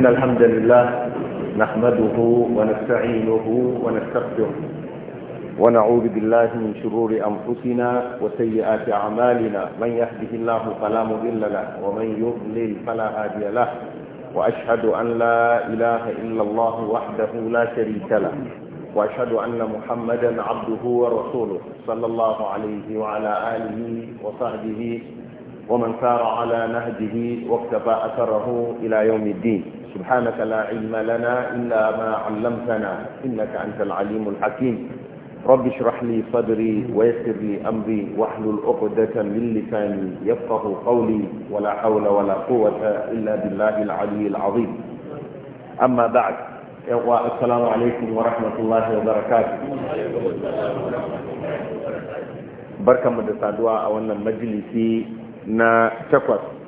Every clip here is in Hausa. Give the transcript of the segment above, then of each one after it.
إن الحمد لله نحمده ونستعينه ونستغفره ونعوذ بالله من شرور أنفسنا وسيئات أعمالنا من يهده الله فلا مضل له ومن يضلل فلا هادي له وأشهد أن لا إله إلا الله وحده لا شريك له وأشهد أن محمدا عبده ورسوله صلى الله عليه وعلى آله وصحبه ومن سار على نهجه واكتفى أثره إلى يوم الدين سبحانك لا علم لنا إلا ما علمتنا إنك أنت العليم الحكيم رب اشرح لي صدري ويسر لي أمري واحلل عقدة من لساني يفقه قولي ولا حول ولا قوة إلا بالله العلي العظيم أما بعد السلام عليكم ورحمة الله وبركاته بركة مدى سادوا أولا مجلسي na takwas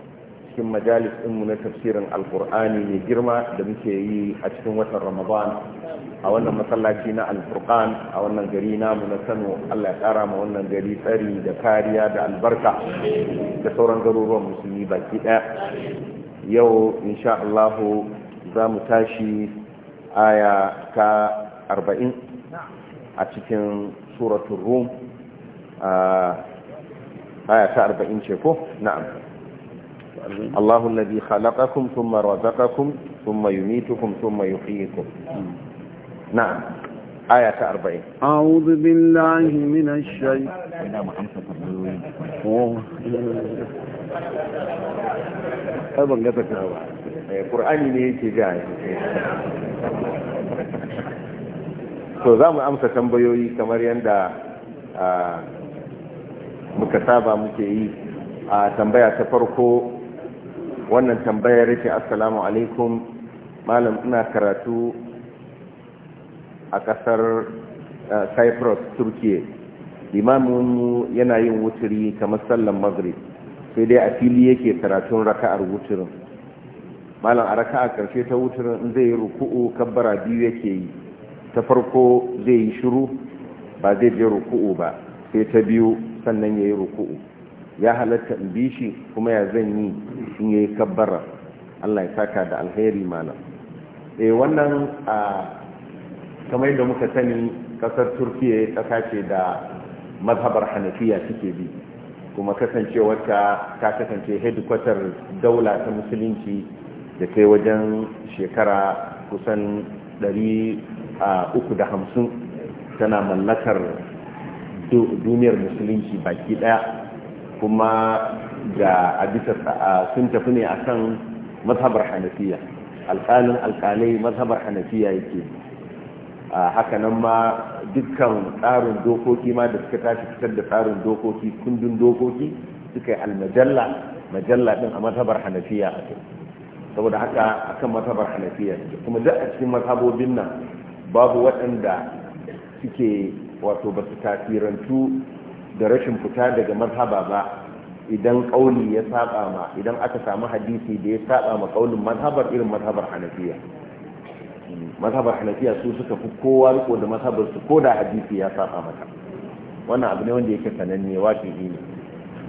cikin majalis mu na tafsirin alkur'ani mai girma da muke yi a cikin watan ramadan a wannan masallaci na alkur'an a wannan gari namu na kano allah ya tsara ma wannan gari tsari da kariya da albarka da sauran garuruwan musulmi baki ɗaya yau insha zamu za mu tashi aya ta arba'in a cikin suratun rum ah, aya ta arba'in ce ko na'am الله الذي خلقكم ثم رزقكم ثم يميتكم ثم يحييكم نعم آية 40 أعوذ بالله من الشيطان Qur'ani ne yake ga to za mu amsa tambayoyi kamar yadda ah, muka saba muke yi a ah, tambaya ta farko wannan tambayar yake assalamu alaikum malam ina karatu a kasar eh, cyprus turkiya limaminmu yana yin wuturi kamar sallan maghrib sai dai a fili yake karatun raka'ar wuturin malam a raka'a karshe ta wuturin in zai yi ruku'u kabbara biyu yake yi ta farko zai yi shiru ba zai je ruku'u ba sai ta biyu sannan ya yi ruku'u ya halatta in bi shi kuma ya zan yi in yayi kabbara Allah ya saka da alheri malam eh wannan a kamar yadda muka sani kasar Turkiya kasa ce da mazhabar Hanafiya suke bi kuma kasancewarta ta kasance headquarter daula ta musulunci da kai wajen shekara kusan 350 tana mallakar duniyar musulunci baki daya kuma ga abisar sun tafi ne a kan mazhabar hanafiya alƙalin alƙalai mazhabar hanafiya yake haka nan ma dukkan tsarin dokoki ma da suka tashi fitar da tsarin dokoki kundin dokoki suka yi almajalla majalla din a mazhabar hanafiya a kai saboda haka a kan mazhabar hanafiya kuma duk a cikin mazhabobin nan babu waɗanda suke wato ba su tasirantu da rashin fita daga mazhaba ba idan kauli ya saba ma idan aka samu hadisi da ya saba ma kaulin mazhabar irin mazhabar hanafiya mazhabar hanafiya su suka fi kowa riko da mazhabar su ko da hadisi ya saba mata wannan abu ne wanda yake sananne wato ne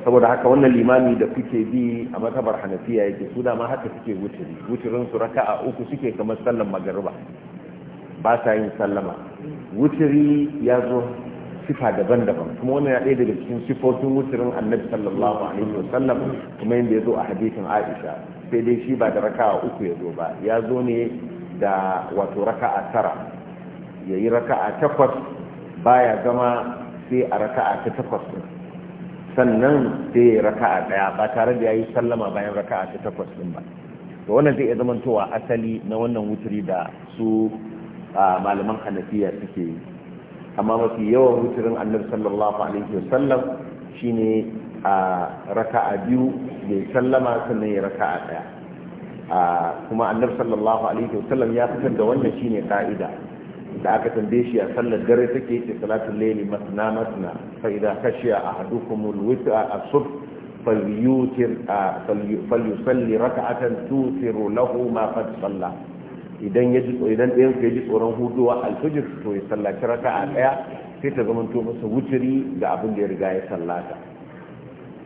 saboda haka wannan limami da kuke bi a mazhabar hanafiya yake su dama haka suke wuturi wuturin su raka'a uku suke kamar sallan magariba ba sa yin sallama wuturi ya zo sifa daban-daban kuma wannan ya ɗaya daga cikin sifofin wuturin annabi sallallahu alaihi wasallam kuma yadda ya zo a hadisin aisha sai dai shi ba da raka'a uku ya zo ba ya zo ne da wato raka'a tara ya yi raka'a takwas baya zama sai a raka'a ta takwas ɗin sannan sai ya yi raka'a ɗaya ba tare da ya yi sallama bayan raka'a ta takwas ɗin ba to wannan zai iya zamantowa asali na wannan wuturi da su malaman hanafiya suke yi amma mafi yawan wutirin annabi sallallahu alaihi wasallam shine a raka'a biyu ya sallama sannan ya raka'a daya kuma annabi sallallahu alaihi wasallam ya fitar da wannan shine ka'ida da aka tambaye shi a sallar dare take ce salatul layli masna masna fa idza khashiya ahadukum alwitra as-subh falyutir falyusalli raka'atan tuthiru lahu ma qad salla idan ya ji idan ɗayan ya ji tsoron huduwa alfijir to ya sallaci raka a ɗaya sai ta zama to masa wuturi ga abin da ya riga ya sallata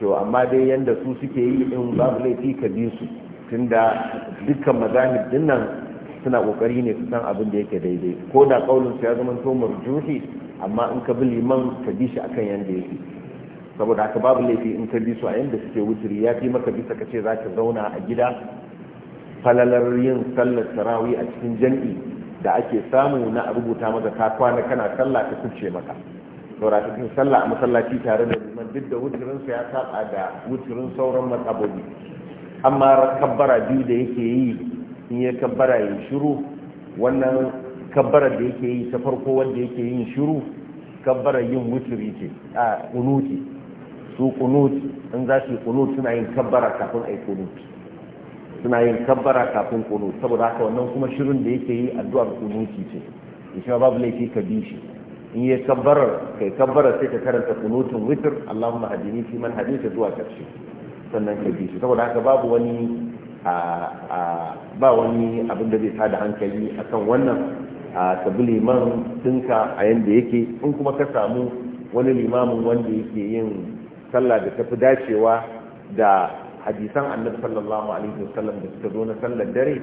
to amma dai yanda su suke yi in babu laifi ka bi su tunda dukkan mazahib dinnan suna kokari ne su san abin da yake daidai ko da kaulin su ya zama to marjuhi amma in ka bi liman ka bi shi akan yanda yake saboda haka babu laifi in ka bi su a yanda suke wuturi ya fi maka bisa ka ce za ka zauna a gida falalar yin sallar tarawih a cikin jam'i da ake samu na rubuta maka ka kwana kana sallah ka kuce maka saura cikin sallah a masallaci tare da liman duk da wuturin ya saba da wuturin sauran matsabobi amma kabbara biyu da yake yi in ya kabbara ya shiru wannan kabbara da yake yi ta farko wanda yake yin shiru kabbara yin wuturi ce a kunuti su kunuti in za su yi suna yin kabbara kafin a yi kunuti suna yin kabbara kafin kunu saboda haka wannan kuma shirin da yake yi addu'ar kunuti ce shi ma babu laifi ka bi shi in yi kabbara kai kabbarar sai ka karanta kunutun witr Allahumma hadini fi man hadita zuwa karshe sannan ka bi shi saboda haka babu wani ba wani abin da zai tada hankali akan wannan a bi liman dinka a yanda yake in kuma ka samu wani limamin wanda yake yin sallah da tafi dacewa da hadisan annabi sallallahu alaihi wasallam da suka zo na sallar dare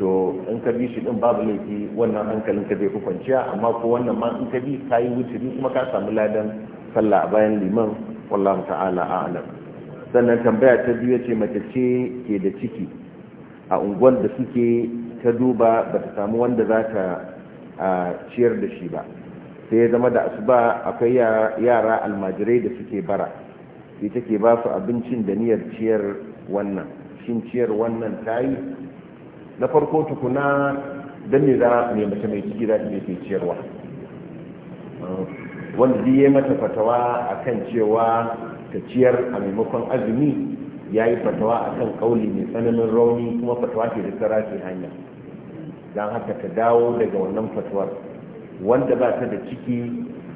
to in ka bi shi din babu laifi wannan hankalin ka zai ku kwanciya amma ko wannan ma in ka bi ka yi wuturi kuma ka samu ladan sallah a bayan liman wallahu ta'ala a'lam sannan tambaya ta biyu ce mace ce ke da ciki a unguwar da suke ta duba ba ta samu wanda za ta ciyar da shi ba sai ya zama da asuba akwai yara almajirai da suke bara sai take ba su abincin da niyyar ciyar wannan shin ciyar wannan ta yi na farko tukuna don ne za mai mace mai ciki za ta ciyarwa wanda zai yi mata fatawa a kan cewa ta ciyar a maimakon azumi ya yi fatawa a kan kauli mai tsananin rauni kuma fatawa ke da tsara ke hanya don haka ta dawo daga wannan fatawar wanda ba ta da ciki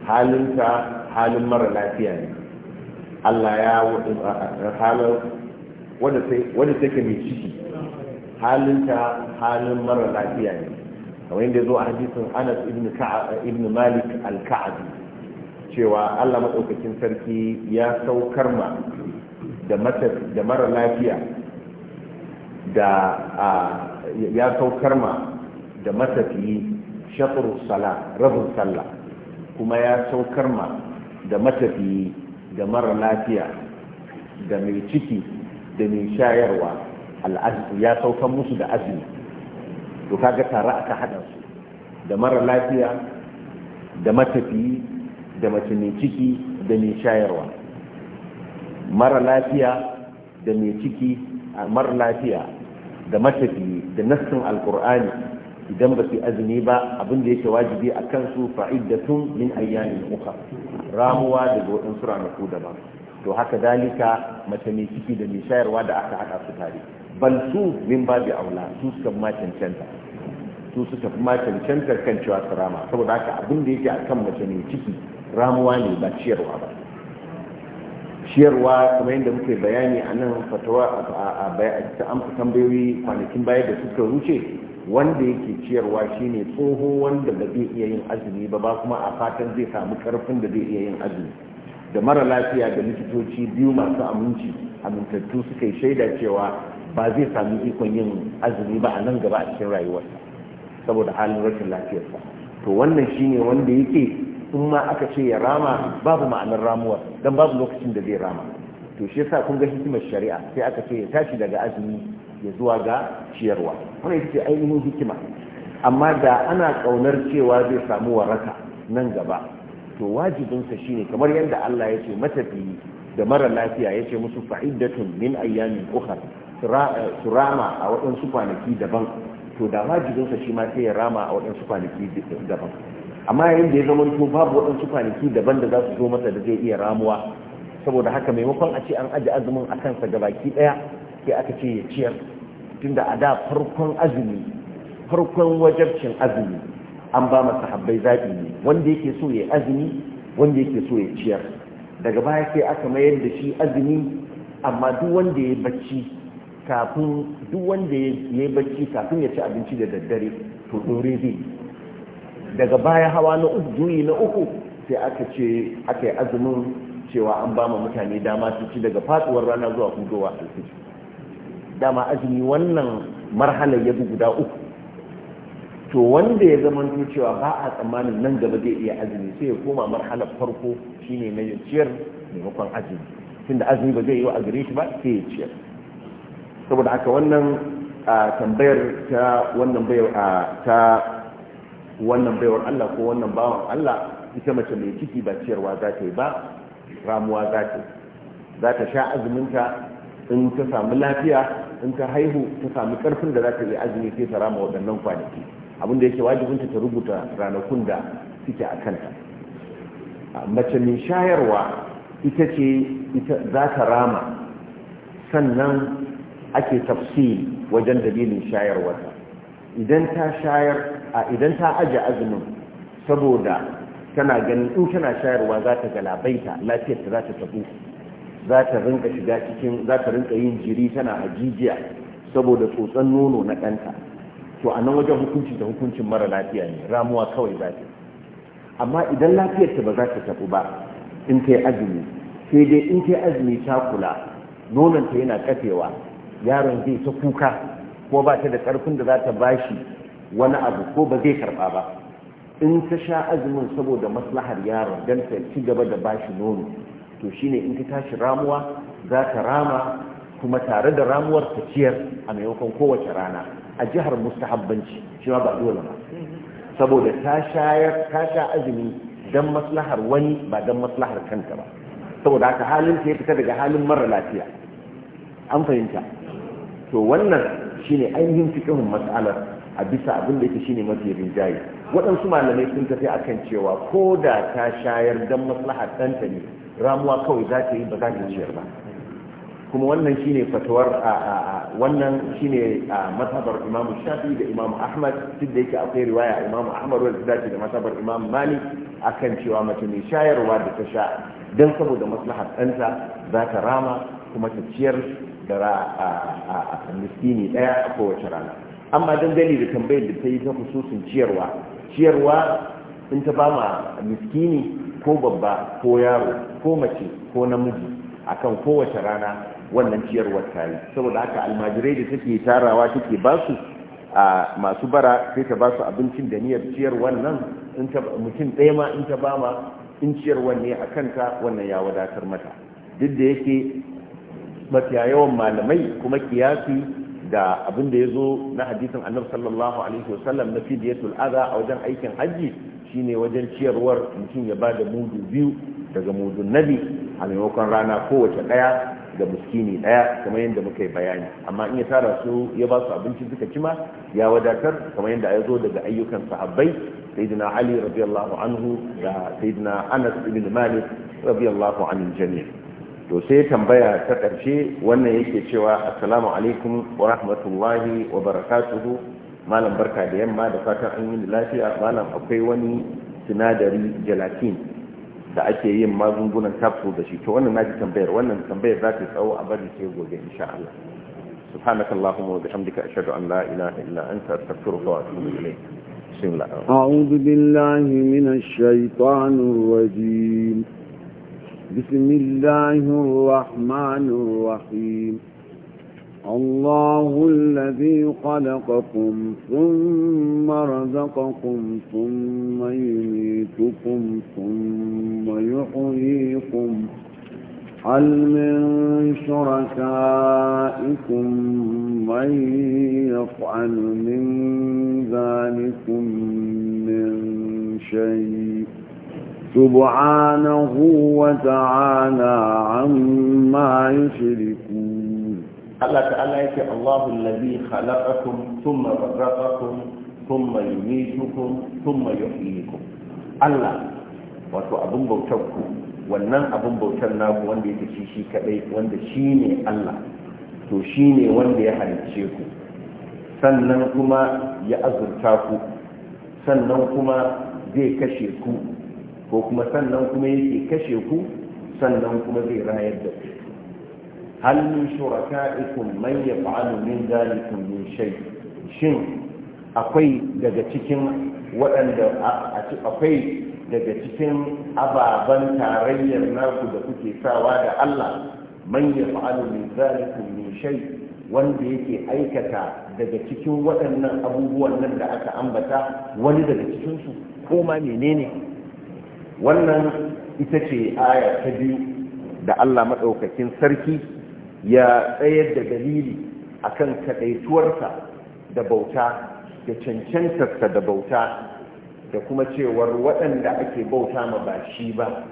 halinta halin mara lafiya ne Allah ya halar wadda take mai ciki halinta halin mara lafiya ne kamar yadda zo a hadisin anas ibn malik al-ka'abi cewa allah maɗaukakin sarki ya saukar ma da mara lafiya da ya saukar ma da matafiyi shafar sala rabin sallah kuma ya saukar ma da matafiyi da mara lafiya da mai ciki da mai shayarwa al'azmi ya saukan musu da azumi to kaga tare aka haɗa su da mara lafiya da matafiyi da mace mai ciki da mai shayarwa mara lafiya da mai ciki mara lafiya da matafiyi da nassin alkur'ani idan ba su azumi ba abin da yake wajibi a kansu fa'iddatun min ayyamin uka ramuwa da waɗansu ranaku daban to haka dalika mace mai ciki da mai shayarwa da aka haɗa su tare bal su min babi aula su suka ma cancanta su suka ma cancanta kan cewa su rama saboda haka abin da yake akan mace mai ciki ramuwa ne ba ciyarwa ba ciyarwa kuma yadda muke bayani a nan fatawa a tambayoyi kwanakin baya da suka wuce wanda yake ciyarwa shine tsoho wanda ba zai iya yin azumi ba ba kuma a fatan zai samu karfin da zai iya yin azumi da mara lafiya da likitoci biyu masu aminci amintattu suka yi shaida cewa ba zai samu ikon yin azumi ba a nan gaba a cikin rayuwarsa saboda halin rashin lafiyarsa to wannan shine wanda yake in ma aka ce ya rama babu ma'anar ramuwa dan babu lokacin da zai rama to shi yasa kun ga hikimar shari'a sai aka ce ya tashi daga azumi ya zuwa ga ciyarwa wani ita ce ainihin hikima amma da ana kaunar cewa zai samu waraka nan gaba to wajibinsa shine kamar yadda Allah ya ce matafi da mara lafiya ya ce musu fa'iddatun min ayyamin ukhra su rama a waɗansu kwanaki daban to da wajibinsa shi ma sai ya rama a waɗansu kwanaki daban amma yayin da ya zama to babu waɗansu kwanaki daban da za su zo masa da zai iya ramuwa saboda haka maimakon a ce an aji azumin a kansa gabaki ɗaya sai aka ce ya ciyar tunda a da farkon azumi farkon wajabcin azumi an ba masa habbai zaɓi ne wanda yake so ya azumi wanda yake so ya ciyar daga baya sai aka mayar da shi azumi amma duk wanda ya bacci kafin duk wanda ya bacci kafin ya ci abinci da daddare to dore zai daga baya hawa na uku juyi na uku sai aka ce aka azumin cewa an ba mutane dama su ci daga faduwar rana zuwa hudowa alfiji dama azumi wannan marhalar ya guda uku to wanda ya zama cewa ba a tsammanin nan gaba zai iya azumi sai ya koma marhalar farko shine na ciyar maimakon azumi tunda azumi ba zai yi wa a gare shi ba sai ya ciyar saboda haka wannan tambayar ta wannan bayar baiwar Allah ko wannan bawan Allah ita mace mai ciki ba ciyarwa za ta yi ba ramuwa za ta za ta sha azuminta in ta samu lafiya in ta haihu ta samu karfin da za ta yi azumi sai ta rama waɗannan kwanaki abinda yake wajibinta ta rubuta ranakun da suke a kanta mace mai shayarwa ita ce za ta rama sannan ake tafsi wajen dalilin shayarwarta idan ta shayar a idan ta aje azumin saboda tana ganin in tana shayarwa za ta galabaita lafiyarta za ta tabu za ta rinka shiga cikin za ta rinka yin jiri tana hajijiya saboda tsotsan nono na ɗanta to a nan wajen hukunci da hukuncin mara lafiya ne ramuwa kawai za ta amma idan lafiyarta ba za ta tafi ba in ta yi azumi sai dai in ta yi azumi ta kula nonon ta yana kafewa yaron zai ta kuka ko ba ta da ƙarfin da za ta bashi wani abu ko ba zai karɓa ba in ta sha azumin saboda maslahar yaron don ta ci gaba da bashi nono to shine in ka tashi ramuwa za ta rama kuma tare da ramuwar ta ciyar a maimakon kowace rana a jihar mustahabbanci shi ma ba dole ba saboda ta shayar ta sha azumi don maslahar wani ba don maslahar kanta ba saboda haka halin ta ya fita daga halin mara lafiya an fahimta to wannan shine ainihin fikihun matsalar a bisa abin da yake shine mafi rinjaye waɗansu malamai sun tafi a kan cewa ko da ta shayar don maslahar ɗanta ne ramuwa kawai za ta yi ba za ta ciyar ba kuma wannan ne fatawar wannan shine matabar imamu shafi da imamu ahmad duk da yake akwai riwaya imamu ahmad wanda dace da mazhabar imamu malik akan cewa mace mai shayarwa da ta sha don saboda maslahar ɗanta za ta rama kuma ta ciyar da a miskini ɗaya a kowace rana amma dandali da tambayar da ta yi ta kususun ciyarwa ciyarwa in ta ba ma miskini ko babba ko yaro ko mace ko namiji akan kowace rana wannan ciyarwar ta yi saboda haka almajirai da take tarawa take ba su a masu bara sai ta ba su abincin da niyyar ciyarwar nan mutum ɗaya ma in ta ba ma in ciyarwar ne a kanta wannan ya wadatar mata duk da yake mafiya yawan malamai kuma kiyasi da abin da ya zo na hadisin annabi sallallahu alaihi wasallam na fidiyatul adha a wajen aikin hajji Shi ne wajen ciyarwar mutum ya ba da mudu biyu daga mudu nabi a maimakon rana kowace ɗaya ga muskini ɗaya kamar yadda muka yi bayani amma in ya tara su ya ba su abinci suka cima ya wadatar kamar yadda ya zo daga ayyukan sahabbai sayyidina ali radiyallahu anhu da sayyidina anas ibn malik radiyallahu anhu jami'a to sai tambaya ta karshe wannan yake cewa assalamu alaikum wa rahmatullahi wa barakatuhu malam barka da yamma da fatan an yi lafiya malam akwai wani sinadari gelatin da ake yin magungunan capsule da shi to wannan naji tambayar wannan tambayar za ta tsawo a bari sai gobe insha Allah سبحانك اللهم وبحمدك أشهد أن لا إله إلا أنت أستغفرك وأتوب إليك بسم الله أعوذ بالله من الشيطان الرجيم بسم الله الرحمن الرحيم الله الذي خلقكم ثم رزقكم ثم يميتكم ثم يحييكم هل من شركائكم من يفعل من ذلكم من شيء سبحانه وتعالى عما يشركون Allah ta'ala yake Allahu allazi khalaqakum thumma razaqakum thumma yumitukum thumma yuhyikum Allah wato abun bautar ku wannan abun bautar naku wanda yake shi shi kadai wanda shi ne Allah to shi ne wanda ya halicce ku sannan kuma ya azurta ku sannan kuma zai kashe ku ko kuma sannan kuma yake kashe ku sannan kuma zai rayar da ku hal min shuraka'ikum manya yaf'alu min shin akwai daga cikin waɗanda ababen tarayyar naku da kuke sawa da Allah man yaf'alu min wanda yake aikata daga cikin waɗannan abubuwan nan da aka ambata wani daga cikinsu? su ko ma menene wannan ita ce aya ta biyu da Allah madaukakin sarki ya tsayar da dalili a kan kadaituwarsa da bauta da cancantarsa da bauta da kuma cewar waɗanda ake bauta ma ba shi ba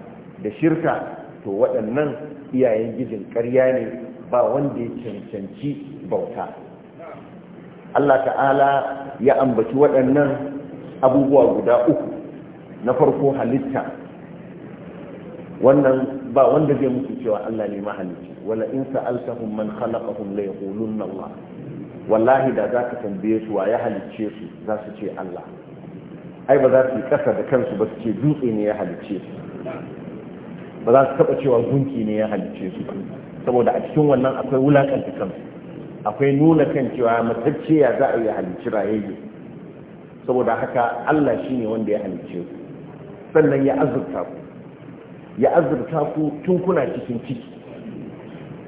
da shirka to waɗannan iyayen gijin ƙarya ne ba wanda ya cancanci bauta Allah ta'ala ya ambaci waɗannan abubuwa guda uku na farko halitta wannan ba wanda zai mutu cewa Allah ne mahalicci wala in sa'altahum man khalaqahum la yaqulunna Allah wallahi da za ka tambaye su wa ya halicce su za su ce Allah ai ba za su yi kasa da kansu ba su ce dutse ne ya halicce su ba za su taba cewa gunki ne ya halicce su ba saboda a cikin wannan akwai wulakanta kansu akwai nuna kan cewa matacce za a yi halicci rayayye saboda haka Allah shine wanda ya halicce ku sannan ya azurta ku ya azurta ku tun kuna cikin ciki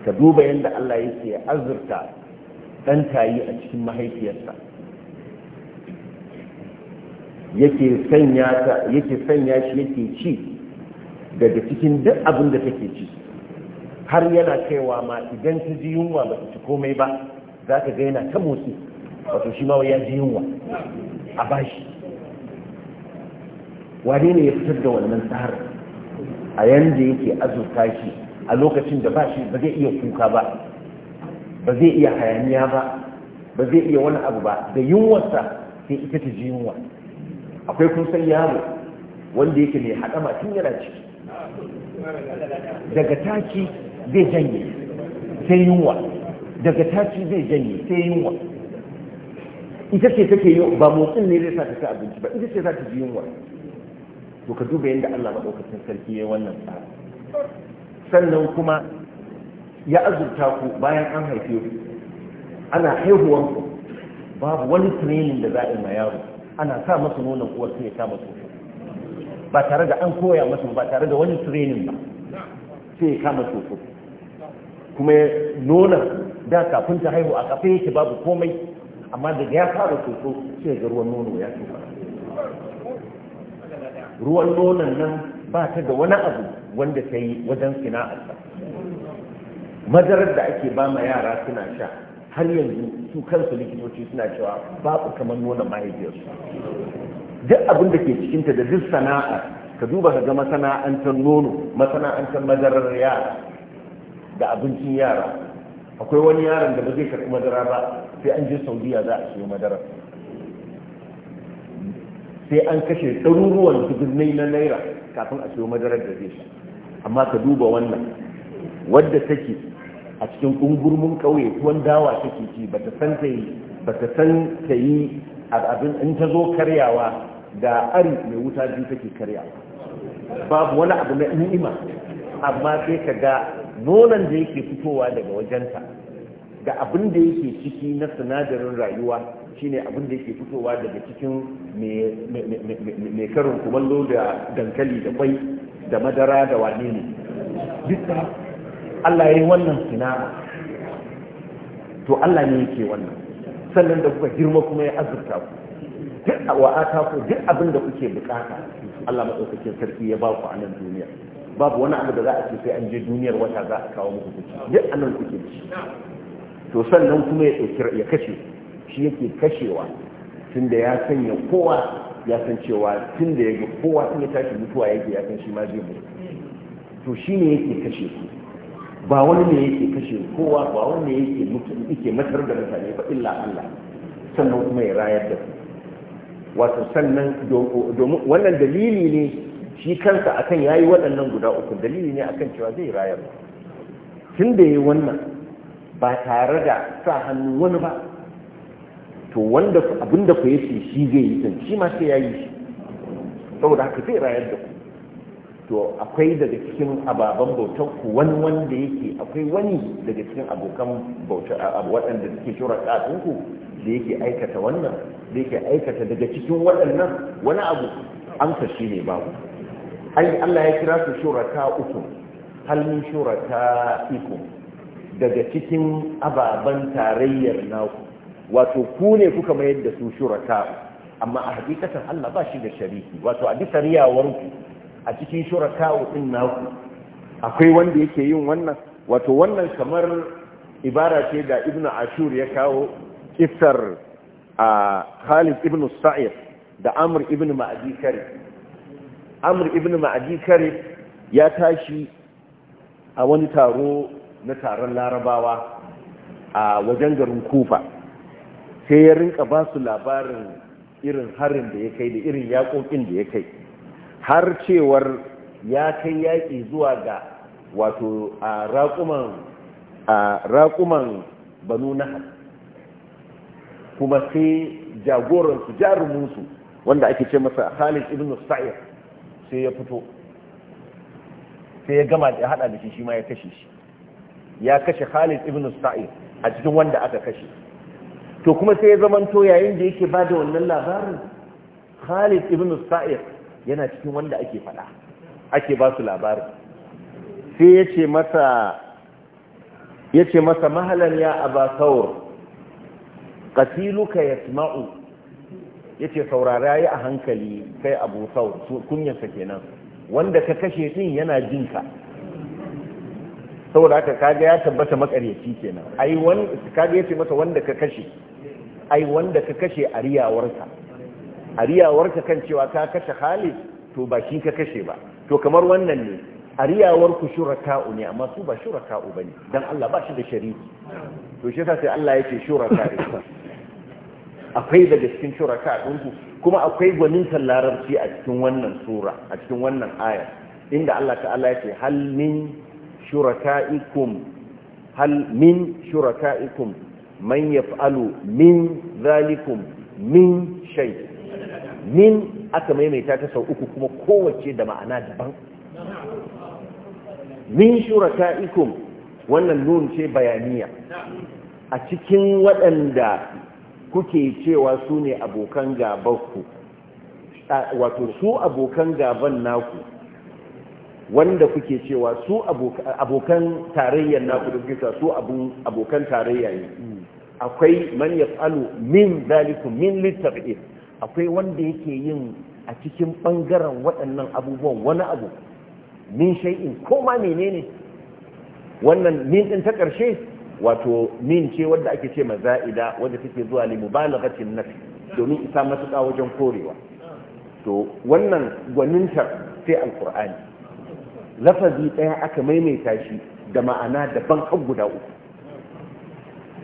ka duba yadda Allah yake azurta ɗan tayi a cikin mahaifiyarsa yake sanya ta yake sanya shi yake ci daga cikin duk abin da take ci har yana kaiwa ma idan ta ji yunwa ba ta ci komai ba za ka ga yana ta motsi wato shi ma ya ji yunwa a bashi wane ne ya fitar da wannan tsarin a yanda yake azurta shi a lokacin da ba shi ba zai iya kuka ba ba zai iya hayaniya ba ba zai iya wani abu ba da yunwarsa sai ita ta ji yunwa akwai kun san yaro wanda yake mai haɗama tun yana ciki daga taki zai janye sai yunwa daga taki zai janye sai yunwa ita ce take yi ba motsin ne zai sa ta ci abinci ba ita ce za ta ji yunwa to ka duba yadda Allah maɗaukacin sarki ya wannan tsari sannan kuma ya azurta ku bayan an haife ku ana haihuwan ku babu wani training da za a yi ma yaro ana sa masa nuna kuwar sai ya kama tsofi ba tare da an koya masa ba tare da wani training ba sai ya kama tsofi kuma ya nuna da kafin ta haihu a kafin yake babu komai amma da ya fara tsofi sai ga ruwan nono ya tsofa ruwan nonon nan ba ta da wani abu wanda ta yi wajen sana'arta madarar da ake ba ma yara suna sha har yanzu su kansu likitoci suna cewa babu kamar nuna mahaifiyarsu duk abin da ke cikinta da duk sana'a ka duba ka ga masana'antar nono masana'antar madarar yara da abincin yara akwai wani yaron da ba zai karɓi madara ba sai an je saudiya za a siyo madarar sai an kashe ɗaruruwan dubunnai na naira kafin a siyo madarar da zai amma ka duba wannan wadda take a cikin kungurmin ƙauye tuwon dawa take ci ba ta san ta yi ba ta san ta yi abin in ta zo karyawa da ari mai wuta biyu take karyawa babu wani abu na ni'ima amma sai ka ga nonon da yake fitowa daga wajenta ga abin da yake ciki na sinadarin rayuwa shine abin da yake fitowa daga cikin mai karin kumallo da dankali da kwai da madara da wane ne duka Allah ya yi wannan sinama to Allah ne yake wannan sannan da kuka girma kuma ya azurta ku duk a wa'ata ku duk abin da kuke bukata Allah madaukakin sarki ya ba ku a nan duniya babu wani abu da za a ce sai an je duniyar wata za a kawo muku kuci duk nan kuke shi. to sannan kuma ya ya kashe shi yake kashewa tun da ya sanya kowa ya san cewa tun da ya ga kowa tun ya tashi mutuwa yake ya san shi ma zai mutu to shi ne yake kashe ku ba wani ne yake kashe kowa ba wani ne yake mutu yake matar da mutane ba illa Allah sannan kuma ya rayar da su wato sannan domin wannan dalili ne shi kansa akan yayi waɗannan guda uku dalili ne akan cewa zai rayar tun da yayi wannan ba tare da sa hannu wani ba to wanda abin da ku yake shi zai yi din shi ma sai ya yi shi saboda haka zai rayar da ku to akwai daga cikin ababen bautar ku wani wanda yake akwai wani daga cikin abokan bauta waɗanda suke shuraka ku, da yake aikata wannan da yake aikata daga cikin waɗannan wani abu amsa shi ne babu ai Allah ya kira su shuraka uku hal min shuraka iku daga cikin ababen tarayyar naku wato ku ne kuka mayar da su shuraka amma a hakikatan Allah ba shi da shariki wato a bisa riyawarku a cikin shuraka din naku akwai wanda yake yin wannan wato wannan kamar ibara ce da ibn ashur ya kawo kisar a khalid ibn sa'id da amr ibn ma'adi kare amr ibn ma'adi kare ya tashi a wani taro na taron larabawa a wajen garin kufa sai ya rinka ba su labarin irin harin da ya kai da irin yaƙoƙin da ya kai har cewar ya kai yaƙi zuwa ga wato a raƙuman banu na kuma sai jagoransu jaruminsu wanda ake ce masa Khalid ibn sa'ir sai ya fito sai ya gama da hada da shi shi ma ya kashe shi ya kashe Khalid ibn sa'ir a cikin wanda aka kashe to kuma sai ya zamanto yayin da yake ba da wannan labarin khalid ibn sa'ir yana cikin wanda ake faɗa ake ba su labarin sai ya ce masa ya masa mahalan ya aba saur katiluka ya ce saurara ya a hankali kai abu saur kunyarsa kenan wanda ka kashe din yana jinka saboda haka kaga ya tabbata makaryaci kenan ai wani kaga yace masa wanda ka kashe ai wanda ka kashe a ariyawarka kan cewa ka kashe Khalid to ba shi ka kashe ba to kamar wannan ne ariyawar ku ku shuraka'u ne amma su ba shuraka'u bane dan Allah ba shi da shariki to shi yasa sai Allah yake shuraka'u akwai daga cikin shuraka ku kuma akwai gwanin larabci a cikin wannan sura a cikin wannan aya inda Allah ta'ala yake hal min Shurakaikum, هل من شركائكم من يفعل من ذلكم من شيء aka maimaita ta sau uku kuma kowace da ma'ana daban min shurakaikum wannan nun ce bayaniya a cikin waɗanda kuke cewa su ne abokan gabanku wato su abokan gaban naku wanda kuke cewa su abokan tarayyar na kudin kuke su abokan tarayya ne akwai man yaf'alu min zalikun min litab'id akwai wanda yake yin a cikin bangaren waɗannan abubuwan wani abu min shay'in ko ma menene wannan min ɗin ta ƙarshe wato min ce wanda ake ce maza'ida wanda take zuwa li mubalaghatin nafi domin isa matuƙa wajen korewa to wannan gwaninta sai alƙur'ani lafazi ɗaya aka maimaita shi da ma'ana daban har guda uku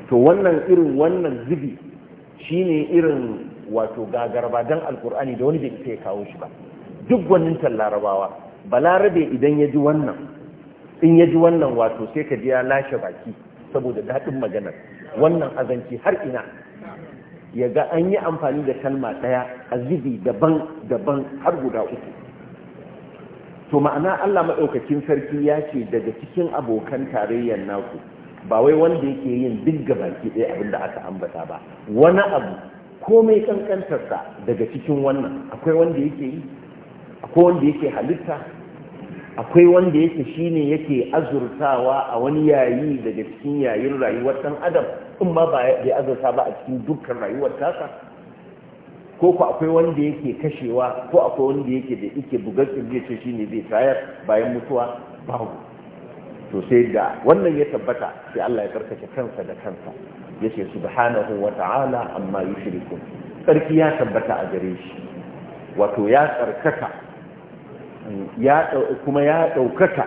to wannan irin wannan zubi shine irin wato gagarba dan alkur'ani da wani bai ita ya kawo shi ba duk gwanin larabawa balarabe idan ya ji wannan in ya ji wannan wato sai ka ji ya lashe baki saboda daɗin maganar wannan azanci har ina ya ga an yi amfani da kalma ɗaya a zubi daban-daban har guda uku to ma'ana Allah maɗaukakin sarki ya ce daga cikin abokan tarayyar naku ba wai wanda yake yin duk gabaki ɗaya abin da aka ambata ba wani abu komai kankantarsa daga cikin wannan akwai wanda yake yi akwai wanda yake halitta akwai wanda yake shine yake azurtawa a wani yayi daga cikin yayin rayuwar ɗan adam in ma ba ya azurta ba a cikin dukkan rayuwar tasa ko ku akwai wanda yake kashewa ko akwai wanda yake da yake bugar kirje ce shine zai tayar bayan mutuwa babu to sai da wannan ya tabbata sai Allah ya karkace kansa da kansa yace subhanahu wa ta'ala amma yushrikun karki ya tabbata a gare shi wato ya karkata ya kuma ya daukaka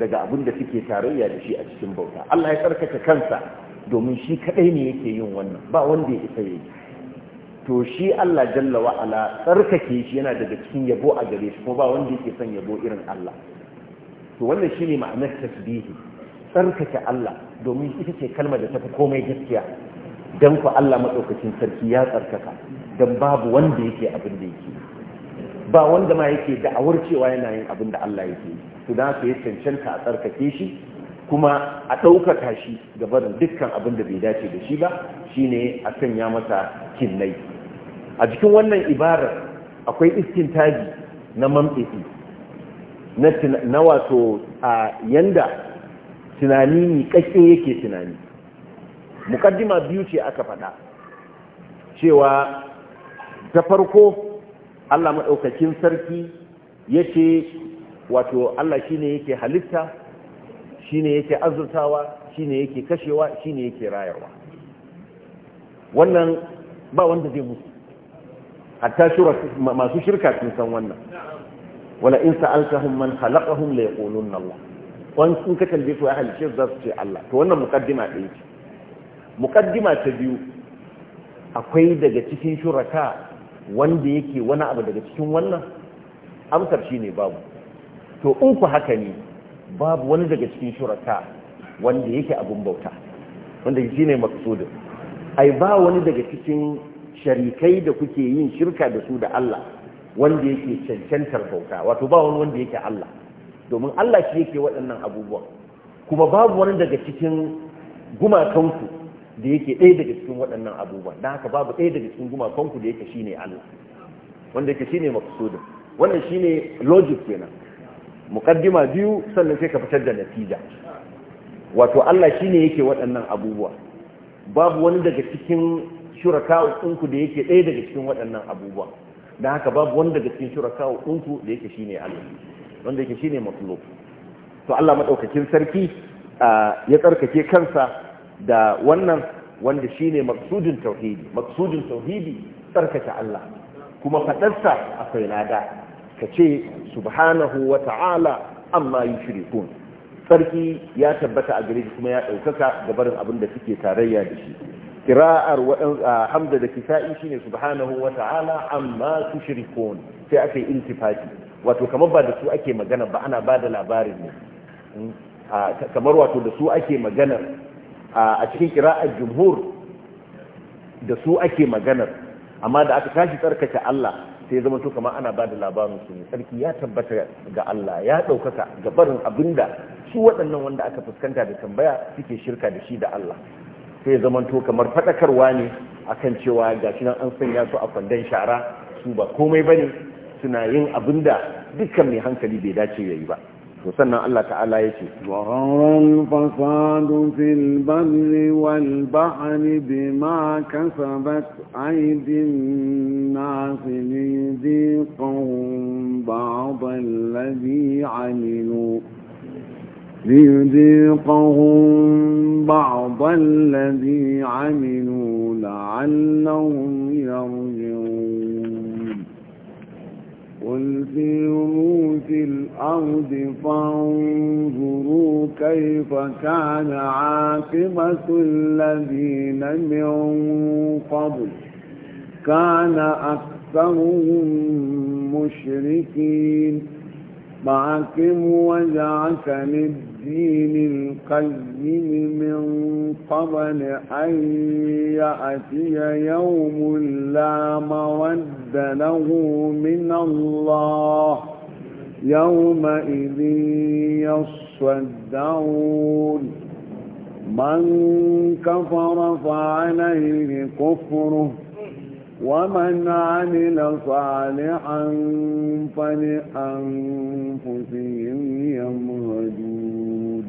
daga abin da suke tarayya da shi a cikin bauta Allah ya tsarkace kansa domin shi kadai ne yake yin wannan ba wanda ya isa yi to shi Allah jalla wa'ala tsarkake shi yana daga cikin yabo a gare shi ko ba wanda yake son yabo irin Allah to wannan shine ma'anar tasbihi tsarkake Allah domin ita ce kalmar da ta fi komai gaskiya dan ku Allah madaukakin sarki ya tsarkaka dan babu wanda yake abin da yake ba wanda ma yake da'awar cewa yana yin abin da Allah yake to dan haka ya cancanta a tsarkake shi kuma a ɗaukaka shi ga dukkan abin da bai dace da shi ba shine a sanya masa kinnai a jikin wannan ibarar akwai iskin taji na mamtsitsi na wato a yanda tunani ne kakke yake tunani mukaddima biyu ce aka faɗa cewa ta farko Allah maɗaukakin sarki ya ce wato Allah shine yake halitta shine yake azurtawa shine yake kashewa shine yake rayarwa wannan ba wanda zai musu hatta shura masu shirka sun san wannan wala in sa'altahum man khalaqahum la yaqulunna Allah wan sun ka tambaye su ahli shirk za su ce Allah to wannan muqaddima ɗaya ce muqaddima ta biyu akwai daga cikin shuraka wanda yake wani abu daga cikin wannan amsar shine babu to in ku haka ne babu wani daga cikin shuraka wanda yake abun bauta wanda shine maksudin ai ba wani daga cikin sharikai da kuke yin shirka da su da Allah wanda yake cancantar bauta wato ba wani wanda yake Allah domin Allah shi yake waɗannan abubuwan kuma babu wani daga cikin gumakanku da yake ɗaya daga cikin waɗannan abubuwan don haka babu ɗaya daga cikin gumakanku da yake shine Allah wanda yake shine maqsudin wannan shine logic kenan muqaddima biyu sannan sai ka fitar da natija wato Allah shine yake waɗannan abubuwa babu wani daga cikin shurakawo ɗinku da yake ɗaya daga cikin waɗannan abubuwa don haka babu wanda daga cikin shurakawo ɗinku da yake shine Allah wanda yake shine matlub to Allah madaukakin sarki ya tsarkake kansa da wannan wanda shine maksudin tauhidi maksudin tauhidi tsarkake Allah kuma fadarsa akwai ka ce subhanahu wa wata'ala amma yushrikun sarki ya tabbata a gare kuma ya ɗaukaka ga barin abin da suke tarayya da shi kira'ar hamda da kisa'i shine subhanahu wa ta'ala amma su shirikon sai aka yi intifati, wato kamar ba da su ake magana ba ana ba da labarin ne hmm? kamar wato da su ake magana a cikin kira'ar jumhur da su ake maganar amma da aka tashi tsarkake Allah sai zama to kamar ana ba da labarin su ne sarki ya tabbata ga Allah ya ɗaukaka ga barin abinda su waɗannan wanda aka fuskanta da tambaya suke shirka da shi da Allah sai zamanto kamar faɗakarwa ne akan cewa ga shi nan an sanya su a kwandon shara su ba komai bane suna yin abin da dukkan mai hankali bai dace ya yi ba to sannan Allah ta'ala ya ce waran fasadu fil barri wal bahri bima kasabat aydin nas li dhiqahum ba'd alladhi 'amilu ليذيقهم بعض الذي عملوا لعلهم يرجعون قل في في الأرض فانظروا كيف كان عاقبة الذين من قبل كان أكثرهم مشركين فأقم وجعك للدين القيم من قبل أن يأتي يوم لا مرد له من الله يومئذ يصدعون من كفر فعليه كفره ومن عمل صالحا فلأنفسهم يمهدون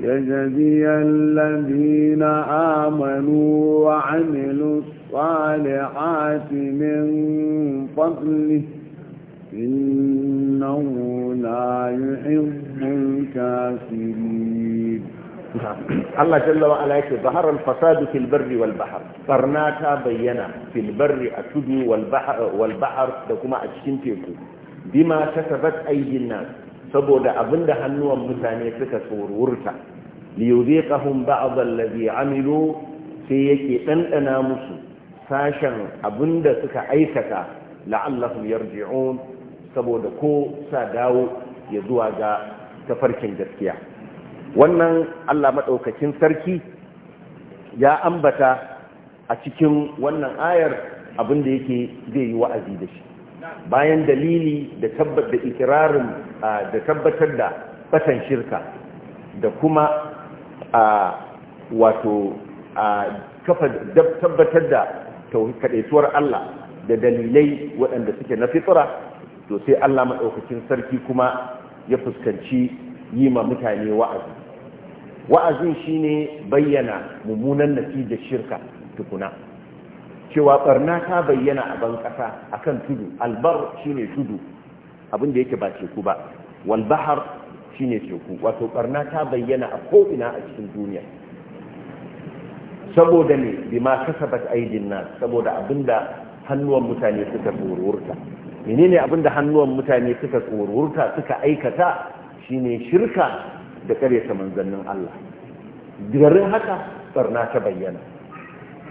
ليجزي الذين آمنوا وعملوا الصالحات من فضله إنه لا يحب الكافرين Allah jalla wa ala yake zahara al fil barri wal barna ta bayyana fil barri a tudu wal da kuma a cikin teku bima kasabat aydin nan saboda abinda hannuwan mutane suka tsorurta li yuziqahum ba'd alladhi amilu sai yake dandana musu sashen abinda suka aikata la'allahum yarji'un saboda ko sa dawo ya zuwa ga tafarkin gaskiya wannan Allah maɗaukakin sarki ya ambata a cikin wannan ayar abinda yake zai yi wa'azi da shi bayan dalili da ikirarin da tabbatar da ɓatan shirka da kuma wato a kafa tabbatar da kaɗaituwar Allah da dalilai waɗanda suke na fitura to sai Allah maɗaukacin sarki kuma ya fuskanci yi ma mutane wa'azi wa'azin shine bayyana mummunan natijar shirka tukuna cewa barna ta bayyana a ban kasa akan tudu albar shine tudu abin da yake ba teku ba walbahar bahar shine teku wato barna ta bayyana a ko ina a cikin duniya saboda ne bima kasabat aidin nas saboda abinda hannuwan mutane suka mene menene abinda hannuwan mutane suka tsorurta suka aikata shine shirka da karyata manzannin Allah garin haka barna ta bayyana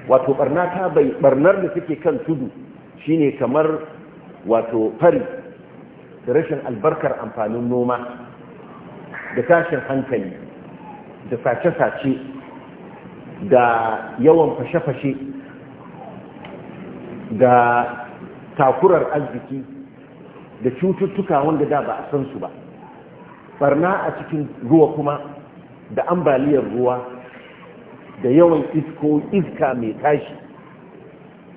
wato barna ta barnar da suke kan tudu shine kamar wato fari da rashin albarkar amfanin noma da tashin hankali da sace-sace da yawan fashe-fashe da takurar arziki da cututtuka wanda da ba a san su ba barna a cikin ruwa kuma da ambaliyar ruwa da yawan isko iska mai tashi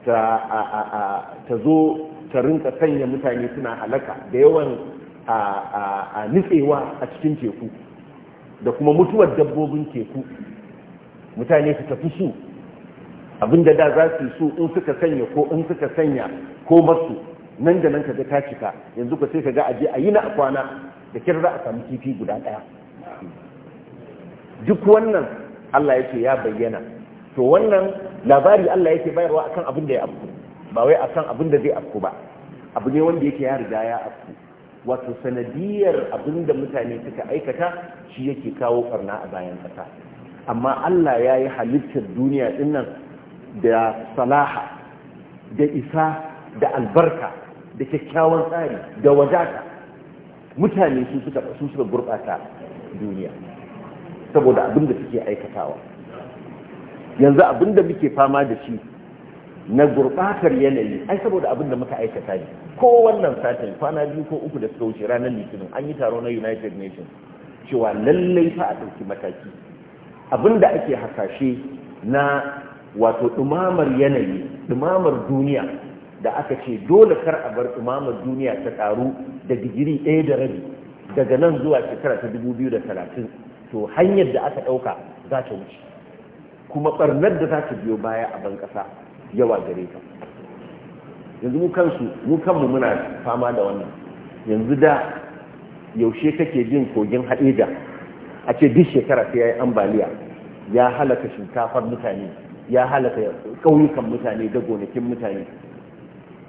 ta zo ta rinka sanya mutane suna halaka da yawan a nitsewa a cikin teku da kuma mutuwar dabbobin teku mutane su tafi su abinda da za su su in suka sanya ko in suka sanya ko masu nan da nan ka kaga ta cika yanzu ka sai kaga aje a yi na kwana da kyar za a samu kifi guda ɗaya duk wannan Allah yake ya bayyana to wannan labari Allah yake bayarwa akan abin da ya afku ba wai akan abin da zai afku ba abu ne wanda yake ya riga ya afku wato sanadiyar abin da mutane suka aikata shi yake kawo karna a bayan kasa amma Allah ya yi halittar duniya dinnan da salaha da isa da albarka da kyakkyawan tsari da wadata mutane su suka su gurbata duniya saboda abin da suke aikatawa yanzu abin da muke fama da shi na gurɓatar yanayi ai saboda abin da muka aikata ne ko wannan satin kwana biyu ko uku da suka wuce ranar litinin an yi taro na united nations cewa lallai fa a ɗauki mataki abin da ake hasashe na wato ɗumamar yanayi ɗumamar duniya da aka ce dole kar a bar imamar duniya ta karu da digiri ɗaya da rabi daga nan zuwa shekara ta dubu biyu da talatin to hanyar da aka ɗauka za ta wuce kuma ɓarnar da za ta biyo baya a ban ƙasa yawa gare ta yanzu mu kansu mu kanmu muna fama da wannan yanzu da yaushe kake jin kogin haɗeja a ce duk shekara ta ya yi ambaliya ya halaka shinkafar mutane ya halaka ƙauyukan mutane da gonakin mutane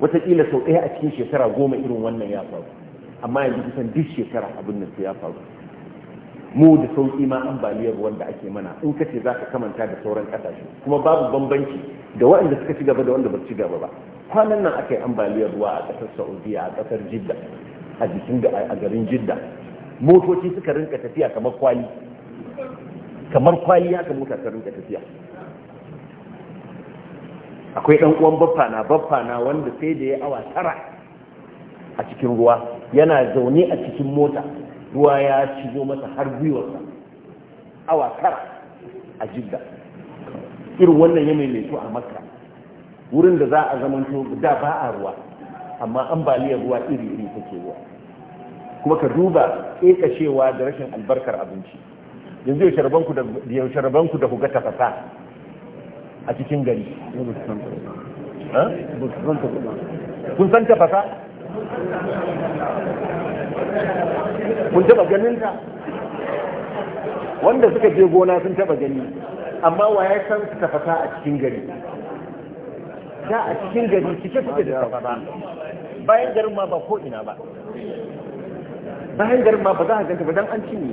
watakila sau ɗaya a cikin shekara goma irin wannan ya faru amma yanzu kusan duk shekara abin nan sai ya faru mu da sauƙi ma ambaliyar wanda ake mana in ka ce za ka kamanta da sauran ƙasashe kuma babu bambanci da waɗanda suka ci gaba da wanda ba su ci gaba ba kwanan nan aka yi ambaliyar ruwa a ƙasar saudiya a ƙasar jidda a jikin a garin jidda motoci suka rinka tafiya kamar kwali kamar kwali ya mota ta rinka tafiya akwai ɗan uwan baffa baffana wanda sai da ya awa tara a cikin ruwa yana zaune a cikin mota ruwa ya shigo masa har gwiwarsa awa tara a jidda irin wannan ya maimaito a makka wurin da za a zamanto da ba a ruwa amma ambaliyar ruwa iri iri take ruwa kuma ka duba ƙeƙashewa da rashin albarkar abinci yanzu yaushe rabanku da ku ga tafasa a cikin gari kun san tafasa kun taba ganin ta wanda suka je gona sun taba gani amma wa ya san tafasa a cikin gari da a cikin gari cike suke da tafasa bayan garin ma ba ko ina ba bayan garin ma ba za a ganta ba don an cinye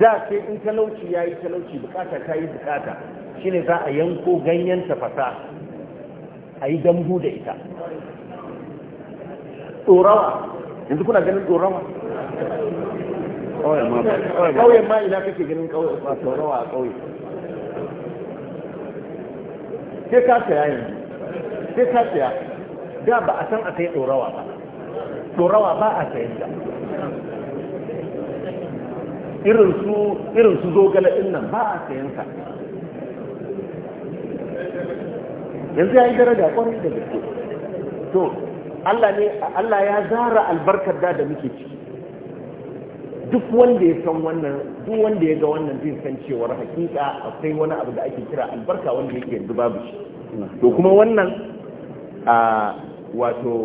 da sai in talauci ya yi talauci bukata ta yi bukata shine za a yanko ganyen fasa a yi dambu da ita ɗorawa yanzu kuna ganin ɗorawa ƙauyen ma ina kake ganin ɗorawa a ƙauye Ke ka saya yanzu Ke ka saya da ba a san a kai ɗorawa ba ɗorawa ba a sayan da irin su zogale ɗin nan ba a sayan ka yanzu ya yi daraja kwarai da gaske to Allah ne Allah ya zara albarkar da da muke ciki duk wanda ya san wannan duk wanda ya ga wannan zai san cewar hakika akwai wani abu da ake kira albarka wanda yake yanzu babu shi to kuma wannan a wato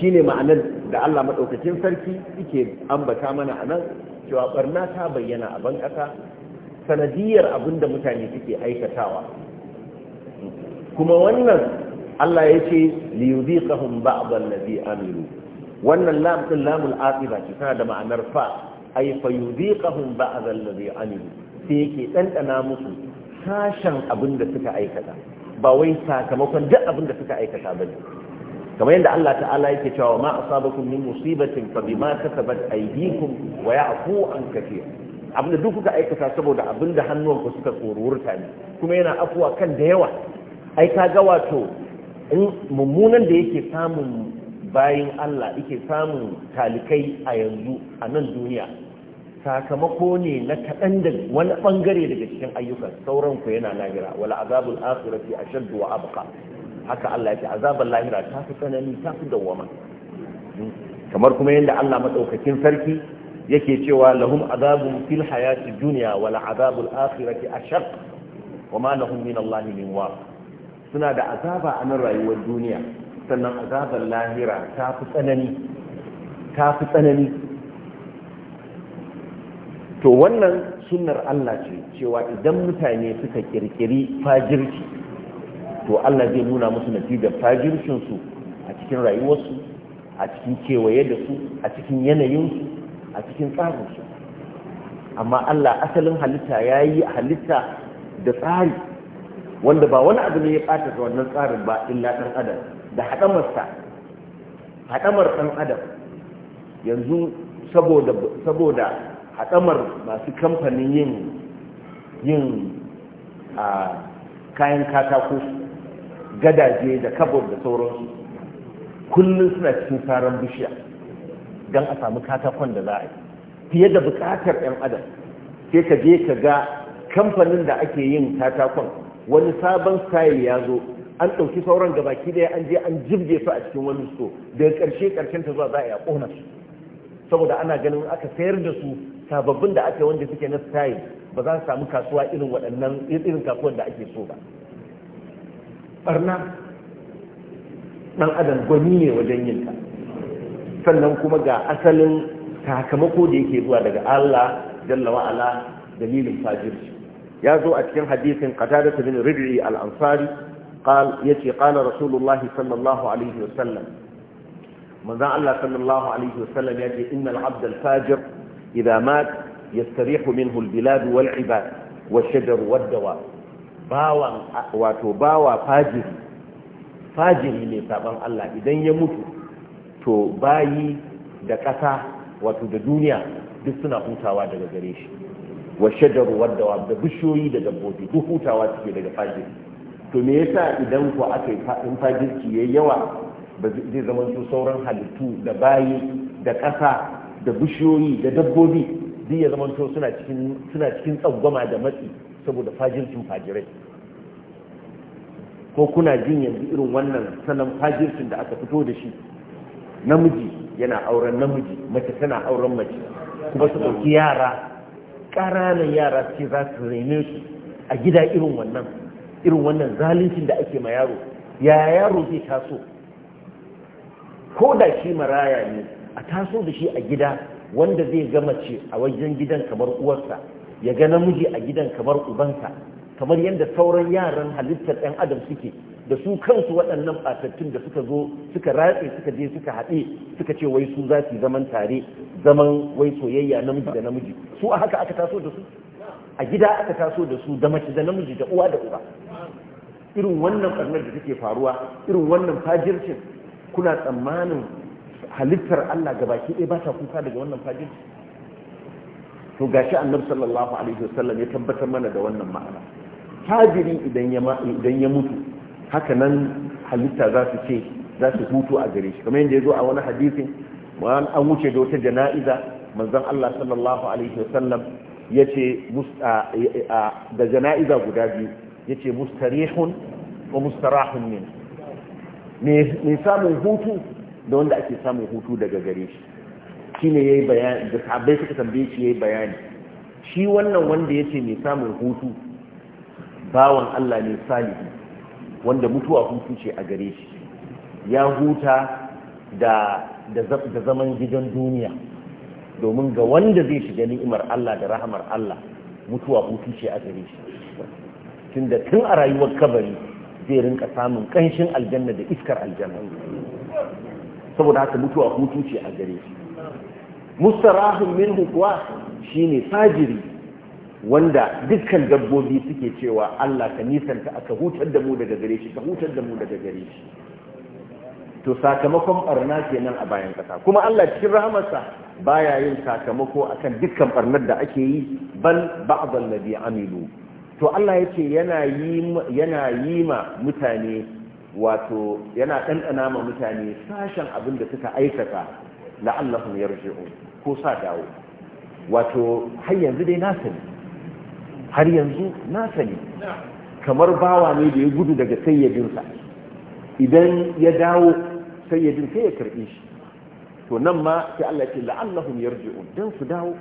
shine ma'anar da Allah maɗaukacin sarki yake ambata mana a nan cewa barna ta bayyana a ban ƙasa sanadiyar abin da mutane suke aikatawa kuma wannan Allah ya ce li ba'd allazi amilu wannan lam din lamul aqiba ce tana da ma'anar fa ay fa yudhiqahum ba'd allazi amilu sai yake dandana musu sashen abin da suka aikata ba wai sakamakon duk abin da suka aikata ba ne kamar yadda Allah ta'ala yake cewa ma asabakum min musibatin fa bima kasabat aydikum wa ya'fu an kathir abin da duk kuka aikata saboda abin da hannuwanku suka tsorurta ne kuma yana afuwa kan da yawa ai ka ga wato in mummunan da yake samun bayan Allah yake samun talikai a yanzu a nan duniya sakamako ne na kaɗan da wani ɓangare daga cikin ayyukan sauran ku yana lahira wala azabul akhirati ashaddu wa abqa haka Allah yake azabul lahira ta fi tsanani ta fi dawwama hmm. kamar kuma yadda Allah madaukakin sarki yake cewa lahum azabun fil hayati dunya wala azabul akhirati ashaq wa ma lahum min Allah min suna da azaba a nan rayuwar duniya sannan azabar lahira ta fi tsanani ta fi tsanani to wannan sunnar Allah ce cewa idan mutane suka kirkiri fajirci to Allah zai nuna musu natijar fajircinsu a cikin rayuwarsu a cikin kewaye da su a cikin yanayinsu a cikin tsarinsu amma Allah asalin halitta ya yi halitta da tsari wanda ba wani abu ne ya ɓata ta wannan tsarin ba illa ɗan adam da haɗamarsa haɗamar ɗan adam yanzu saboda haɗamar masu kamfanin yin yin a kayan katako gadaje da kabo da sauransu kullum suna cikin saran bishiya don a samu katakon da za a yi fiye da buƙatar 'yan adam sai ka je ka ga kamfanin da ake yin katakon wani sabon style ya zo an ɗauki sauran gabaki daya an je an jirge su a cikin wani so daga ƙarshe ƙarshen ta zuwa za a ƙona su saboda ana ganin aka sayar da su sababbin da aka wanda suke na style ba za su samu kasuwa irin waɗannan irin kasuwar da ake so ba barna ɗan adam gwani ne wajen yin ta sannan kuma ga asalin sakamako da yake zuwa daga Allah jalla wa'ala dalilin fajirci ya zo a cikin hadisin qatada bin rid'i al-ansari qal yace qala rasulullah sallallahu alaihi wasallam manzo Allah sallallahu alaihi wasallam yace innal abd al-fajir idha mat yastarihu minhu al-bilad wal-ibad wash-shajar wad-dawa bawa wato bawa fajiri fajiri ne Allah idan ya mutu to bayi da ƙasa wato da duniya duk suna hutawa daga gare shi wa shajaru wadda da bishiyoyi da dabbobi duk hutawa suke daga fajiri to me yasa idan ku aka yi in fajirci yayi yawa ba zai zama su sauran halittu da bayi da ƙasa da bishiyoyi da dabbobi duk ya zama suna cikin suna cikin tsangwama da matsi saboda fajircin fajirai ko kuna jin yanzu irin wannan sanan fajircin da aka fito da shi namiji yana auren namiji mace tana auren mace kuma su ɗauki yara ƙananan yara ce za su rene su a gida irin wannan irin wannan zaluncin da ake ma yaro ya yaro zai taso ko da shi maraya ne a taso da shi a gida wanda zai gama ce a wajen gidan kamar uwarsa ya ga namiji a gidan kamar ubansa kamar yadda sauran yaran halittar ɗan adam suke da su kansu waɗannan ɓatattun da suka zo suka ratse suka je suka haɗe suka ce wai su za su zaman tare zaman wai soyayya namiji da namiji su a haka aka taso da su a gida aka taso da su da mace da namiji da uwa da uba irin wannan ɓarnar da take faruwa irin wannan fajircin kuna tsammanin halittar Allah gabaki ɗaya ba ta kuka daga wannan fajircin to gashi annabi sallallahu alaihi wasallam ya tabbatar mana da wannan ma'ana fajiri idan ya mutu haka nan halitta za su ce za su hutu a gare shi kamar yadda ya zo a wani hadisin an wuce da wata jana'iza manzon Allah sallallahu alaihi wasallam Sallam ce da jana'iza guda biyu ya ce mustarihun wa mustarahun min mai samun hutu da wanda ake samun hutu daga gare shi shi ne ya yi bayani da sahabbai suka tambaye shi ya yi bayani shi wannan wanda ya ce mai samun hutu bawan Allah ne salihu wanda mutuwa hutu ce a gare shi ya huta da zaman gidan duniya domin ga wanda zai shiga ni'imar Allah da rahamar Allah mutuwa hutu ce a gare shi tunda tun a rayuwar kabari zai rinka samun kanshin aljanna da iskar aljanna saboda haka mutuwa hutu ce a gare shi mustarahun minhu kuwa shine sajiri wanda dukkan dabbobi suke cewa Allah ka nisanta aka hutar da mu daga gare shi ka hutar da mu daga gare shi to sakamakon barna kenan a bayan kasa kuma Allah cikin rahamarsa baya yin sakamako akan dukkan barnar da ake yi bal ba'd alladhi amilu to Allah yace yana yi yana yi ma mutane wato yana dandana ma mutane sashen abin da suka aikata la'allahum yarji'un ko sa dawo wato har yanzu dai na sani har yanzu na sani kamar bawa ne da ya gudu daga sayyadinsa idan ya dawo sayyadin sai ya karɓe shi to nan ma sai Allah ce la'allahum yarji'un dan su dawo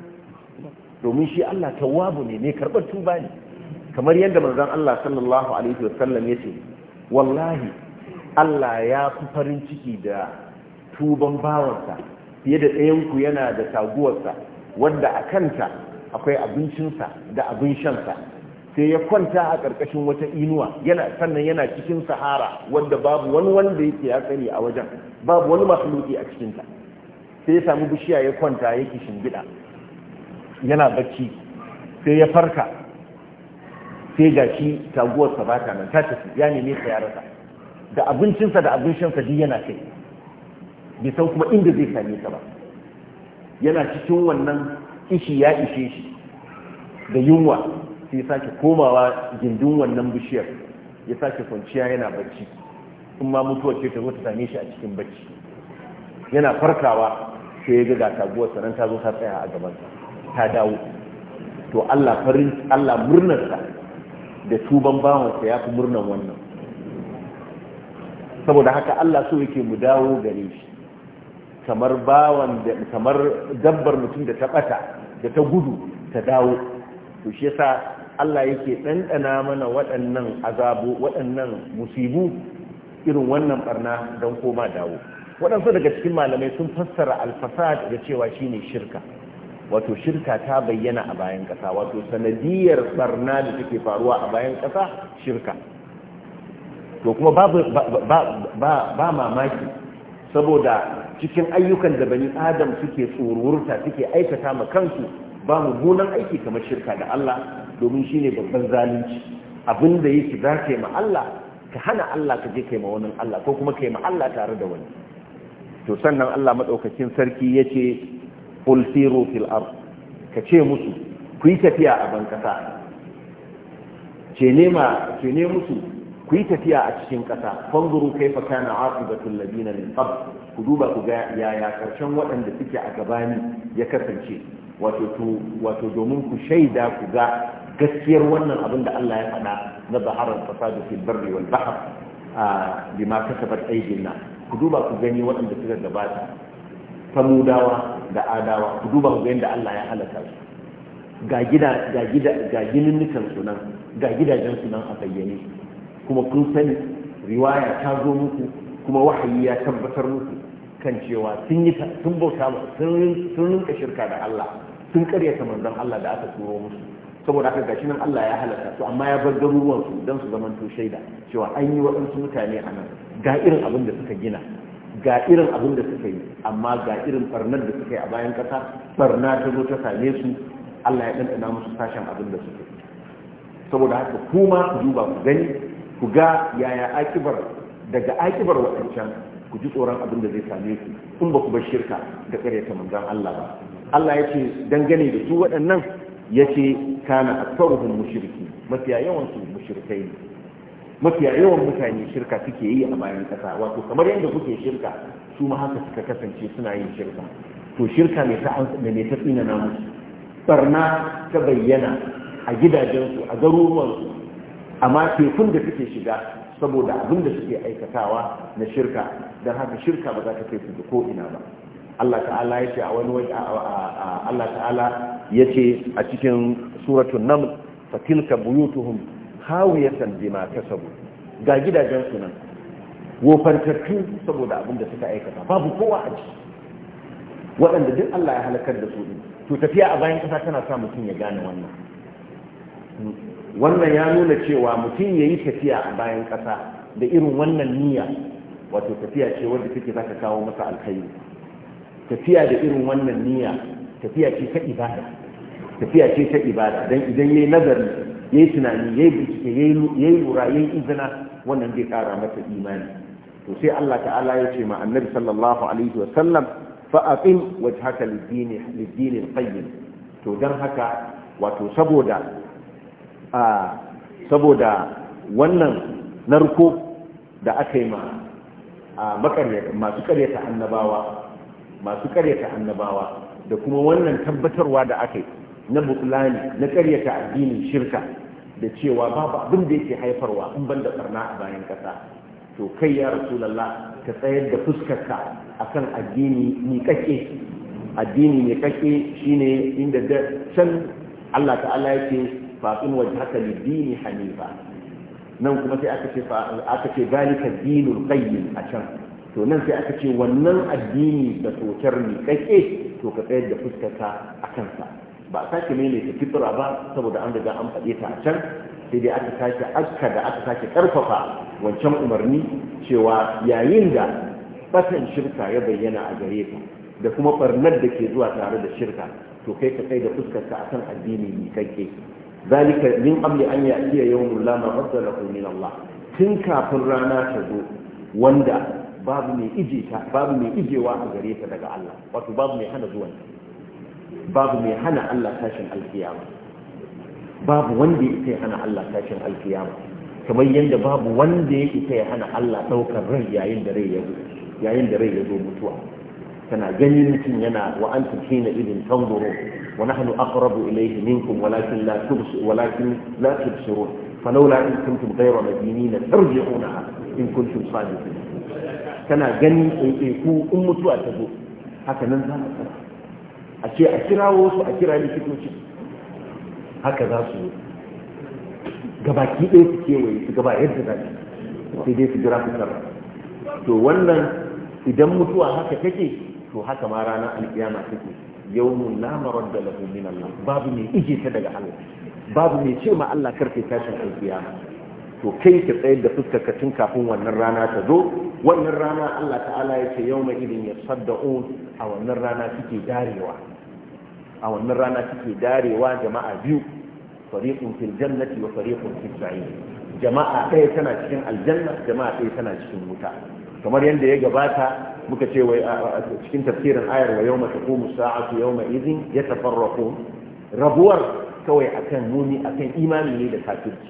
domin shi Allah tawwabu ne ne karɓar tuba ne kamar yadda manzon Allah sallallahu alaihi wasallam yace wallahi Allah ya fi farin ciki da tuban bawansa fiye da ɗayan ku yana da taguwarsa wanda a kanta akwai abincinsa da abin shansa sai ya kwanta a ƙarƙashin wata inuwa yana sannan yana cikin sahara wanda babu wani wanda yake ya tsari a wajen babu wani makhluki a cikinta sai ya samu bishiya ya kwanta yake shimbiɗa yana bacci sai ya farka sai ga shi taguwarsa ba ta nan ta tafi ya neme sa ya rasa da abincinsa da abin shansa duk yana kai bai san kuma inda zai same ta ba yana cikin wannan ishi ya ishe shi da yunwa sai ya sake komawa gindin wannan bishiyar ya sake kwanciya yana bacci in ma mutuwar ce ta zo ta same shi a cikin bacci yana farkawa sai ya ga ga taguwar sanan ta zo ta tsaya a gaban ta dawo to Allah farin Allah murnarsa da tuban bawansa ya fi murnar wannan saboda haka Allah so yake mu dawo gare shi kamar bawan da kamar dabbar mutum da ta bata da ta gudu ta dawo to shi yasa Allah yake ɗanɗana mana waɗannan azabu waɗannan musibu irin wannan barna don koma dawo waɗansu daga cikin malamai sun fassara alfasad da cewa shine shirka wato shirka ta bayyana a bayan ƙasa wato sanadiyar barna da take faruwa a bayan ƙasa shirka to kuma ba mamaki saboda cikin ayyukan da bani adam suke tsoruwarta suke aikata ma kansu ba mu aiki kamar shirka da Allah domin shine babban zalunci abin da yake za ka yi ma Allah ka hana Allah ka je kai ma wani Allah ko kuma kai ma Allah tare da wani to sannan Allah madaukakin sarki yace qul siru fil ard ka ce musu ku yi tafiya a ban kasa ce ne musu ku yi tafiya a cikin kasa fanzuru kaifa kana aqibatul ladina min qabl ku duba ku ga yaya karshen waɗanda suke a gabani ya kasance wato domin ku shaida ku ga gaskiyar wannan abin da Allah ya faɗa na zaharar fasadu fil barri wal bahr bima kasabat na ku duba ku gani waɗanda suka gabata samudawa da adawa ku duba ku ga yadda Allah ya halaka su ga gida ga gida ga ginin sunan ga gidajen sunan a bayyane kuma kun sani riwaya ta zo muku kuma wahayi ya tabbatar muku kan cewa sun yi sun bauta sun rinka shirka da Allah sun karyata manzon Allah da aka turo musu saboda haka gashi nan Allah ya halaka su amma ya bar garuruwan su dan su zaman to shaida cewa an yi waɗansu mutane a nan ga irin abin da suka gina ga irin abin da suka yi amma ga irin barnar da suka yi a bayan ƙasa barna ta zo ta same su Allah ya ɗanɗana musu sashen abin da suka yi saboda haka kuma ku duba ku gani ku ga yaya akibar daga akibar waɗancan ku ji tsoron abin da zai same ku in ba ku bar shirka da karyata manzon Allah ba Allah ya ce dangane da su waɗannan ya ce kana aktaruhum mushriki mafiya yawan su mushrikai ne mafiya yawan mutane shirka suke yi a bayan kasa wato kamar yadda kuke shirka su ma haka suka kasance suna yin shirka to shirka mai ta mai ta tsina na musu barna ta bayyana a gidajensu a garuruwansu amma tekun da suke shiga saboda abin da suke aikatawa na shirka don haka shirka ba za ta kai su da ko ina ba Allah ta'ala ya ce a wani waje Allah ta'ala ya ce a cikin suratul naml fatilka buyutuhum hawiyatan bima kasabu ga gidajen su nan wofantattu saboda abin da suka aikata babu kowa a ciki waɗanda duk Allah ya halakar da su to tafiya a bayan kasa tana sa mutum ya gane wannan wannan ya nuna cewa mutum ya yi tafiya a bayan ƙasa da irin wannan niyya wato tafiya ce wanda take za ka kawo masa alkhairi tafiya da irin wannan niyya tafiya ce ta ibada tafiya ce ta ibada don idan ya yi nazari ya yi tunani ya yi bincike ya yi lura ya yi izina wannan zai ƙara masa imani to sai Allah ta'ala ya ce ma annabi sallallahu alaihi wa sallam fa aqim wajhaka lid-din lid-din qayyim to dan haka wato saboda a saboda wannan narko da aka yi ma masu karyata annabawa masu karyata annabawa da kuma wannan tabbatarwa da aka yi na bukulani na karyata addinin shirka da cewa babu abin da yake haifarwa in ban da barna a bayan kasa to kai ya rasulallah ka tsayar da fuskarka akan addini kake addini shi shine inda can Allah ta'ala yake faqim wajhaka lid dini hanifa nan kuma sai aka ce aka ce zalika dinul qayyim a can to nan sai aka ce wannan addini da tokar ni kake to ka tsayar da fuskarka a kansa ba a sake ta fitra ba saboda an riga an faɗe ta a can sai dai aka sake akka da aka sake karfafa wancan umarni cewa yayin da batan shirka ya bayyana a gare ka da kuma barnar da ke zuwa tare da shirka to kai ka kai da fuskarka akan addini ni kake zalika min qabli an ya'tiya yawmun la maradda lahu min Allah tun kafin rana ta zo wanda babu mai ijewa a gare daga Allah wato babu mai hana zuwan babu mai hana Allah tashin alkiyama babu wanda yake hana Allah tashin alkiyama kamar yadda babu wanda yake ya hana Allah ɗaukar rai ya yayin da rai ya zo mutuwa kana ganin mutum yana wa antum hina idin tanzuru wa nahnu aqrabu ilayhi minkum walakin la tubsirun walakin la tubsirun falawla in kuntum ghayra madinina tarji'unaha in kuntum sadiqin tana gani in ku in mutuwa ta zo haka nan za ka a ce a kirawo su a kira likitoci haka za su yi gabaki ɗaya su kewaye su gaba yadda za su sai dai su jira fitar to wannan idan mutuwa haka take to haka ma ranar alkiyama take yawmun la maradda lahu min Allah babu mai ije ta daga Allah babu mai ce ma Allah karfe tashin alkiyama to kai ka tsayar da fuskar ka tun kafin wannan rana ta zo wannan rana Allah ta'ala ya ce yawma idin yasaddaun a wannan rana kike darewa a wannan rana kike darewa jama'a biyu fariqun fil jannati wa fariqun fis sa'ir jama'a ɗaya tana cikin aljanna jama'a ɗaya tana cikin wuta kamar yadda ya gabata muka ce wai cikin tafsirin ayar wa yau yawma taqumu sa'atu izin ya yatafarraqun rabuwar kawai akan muni akan imani ne da kafirci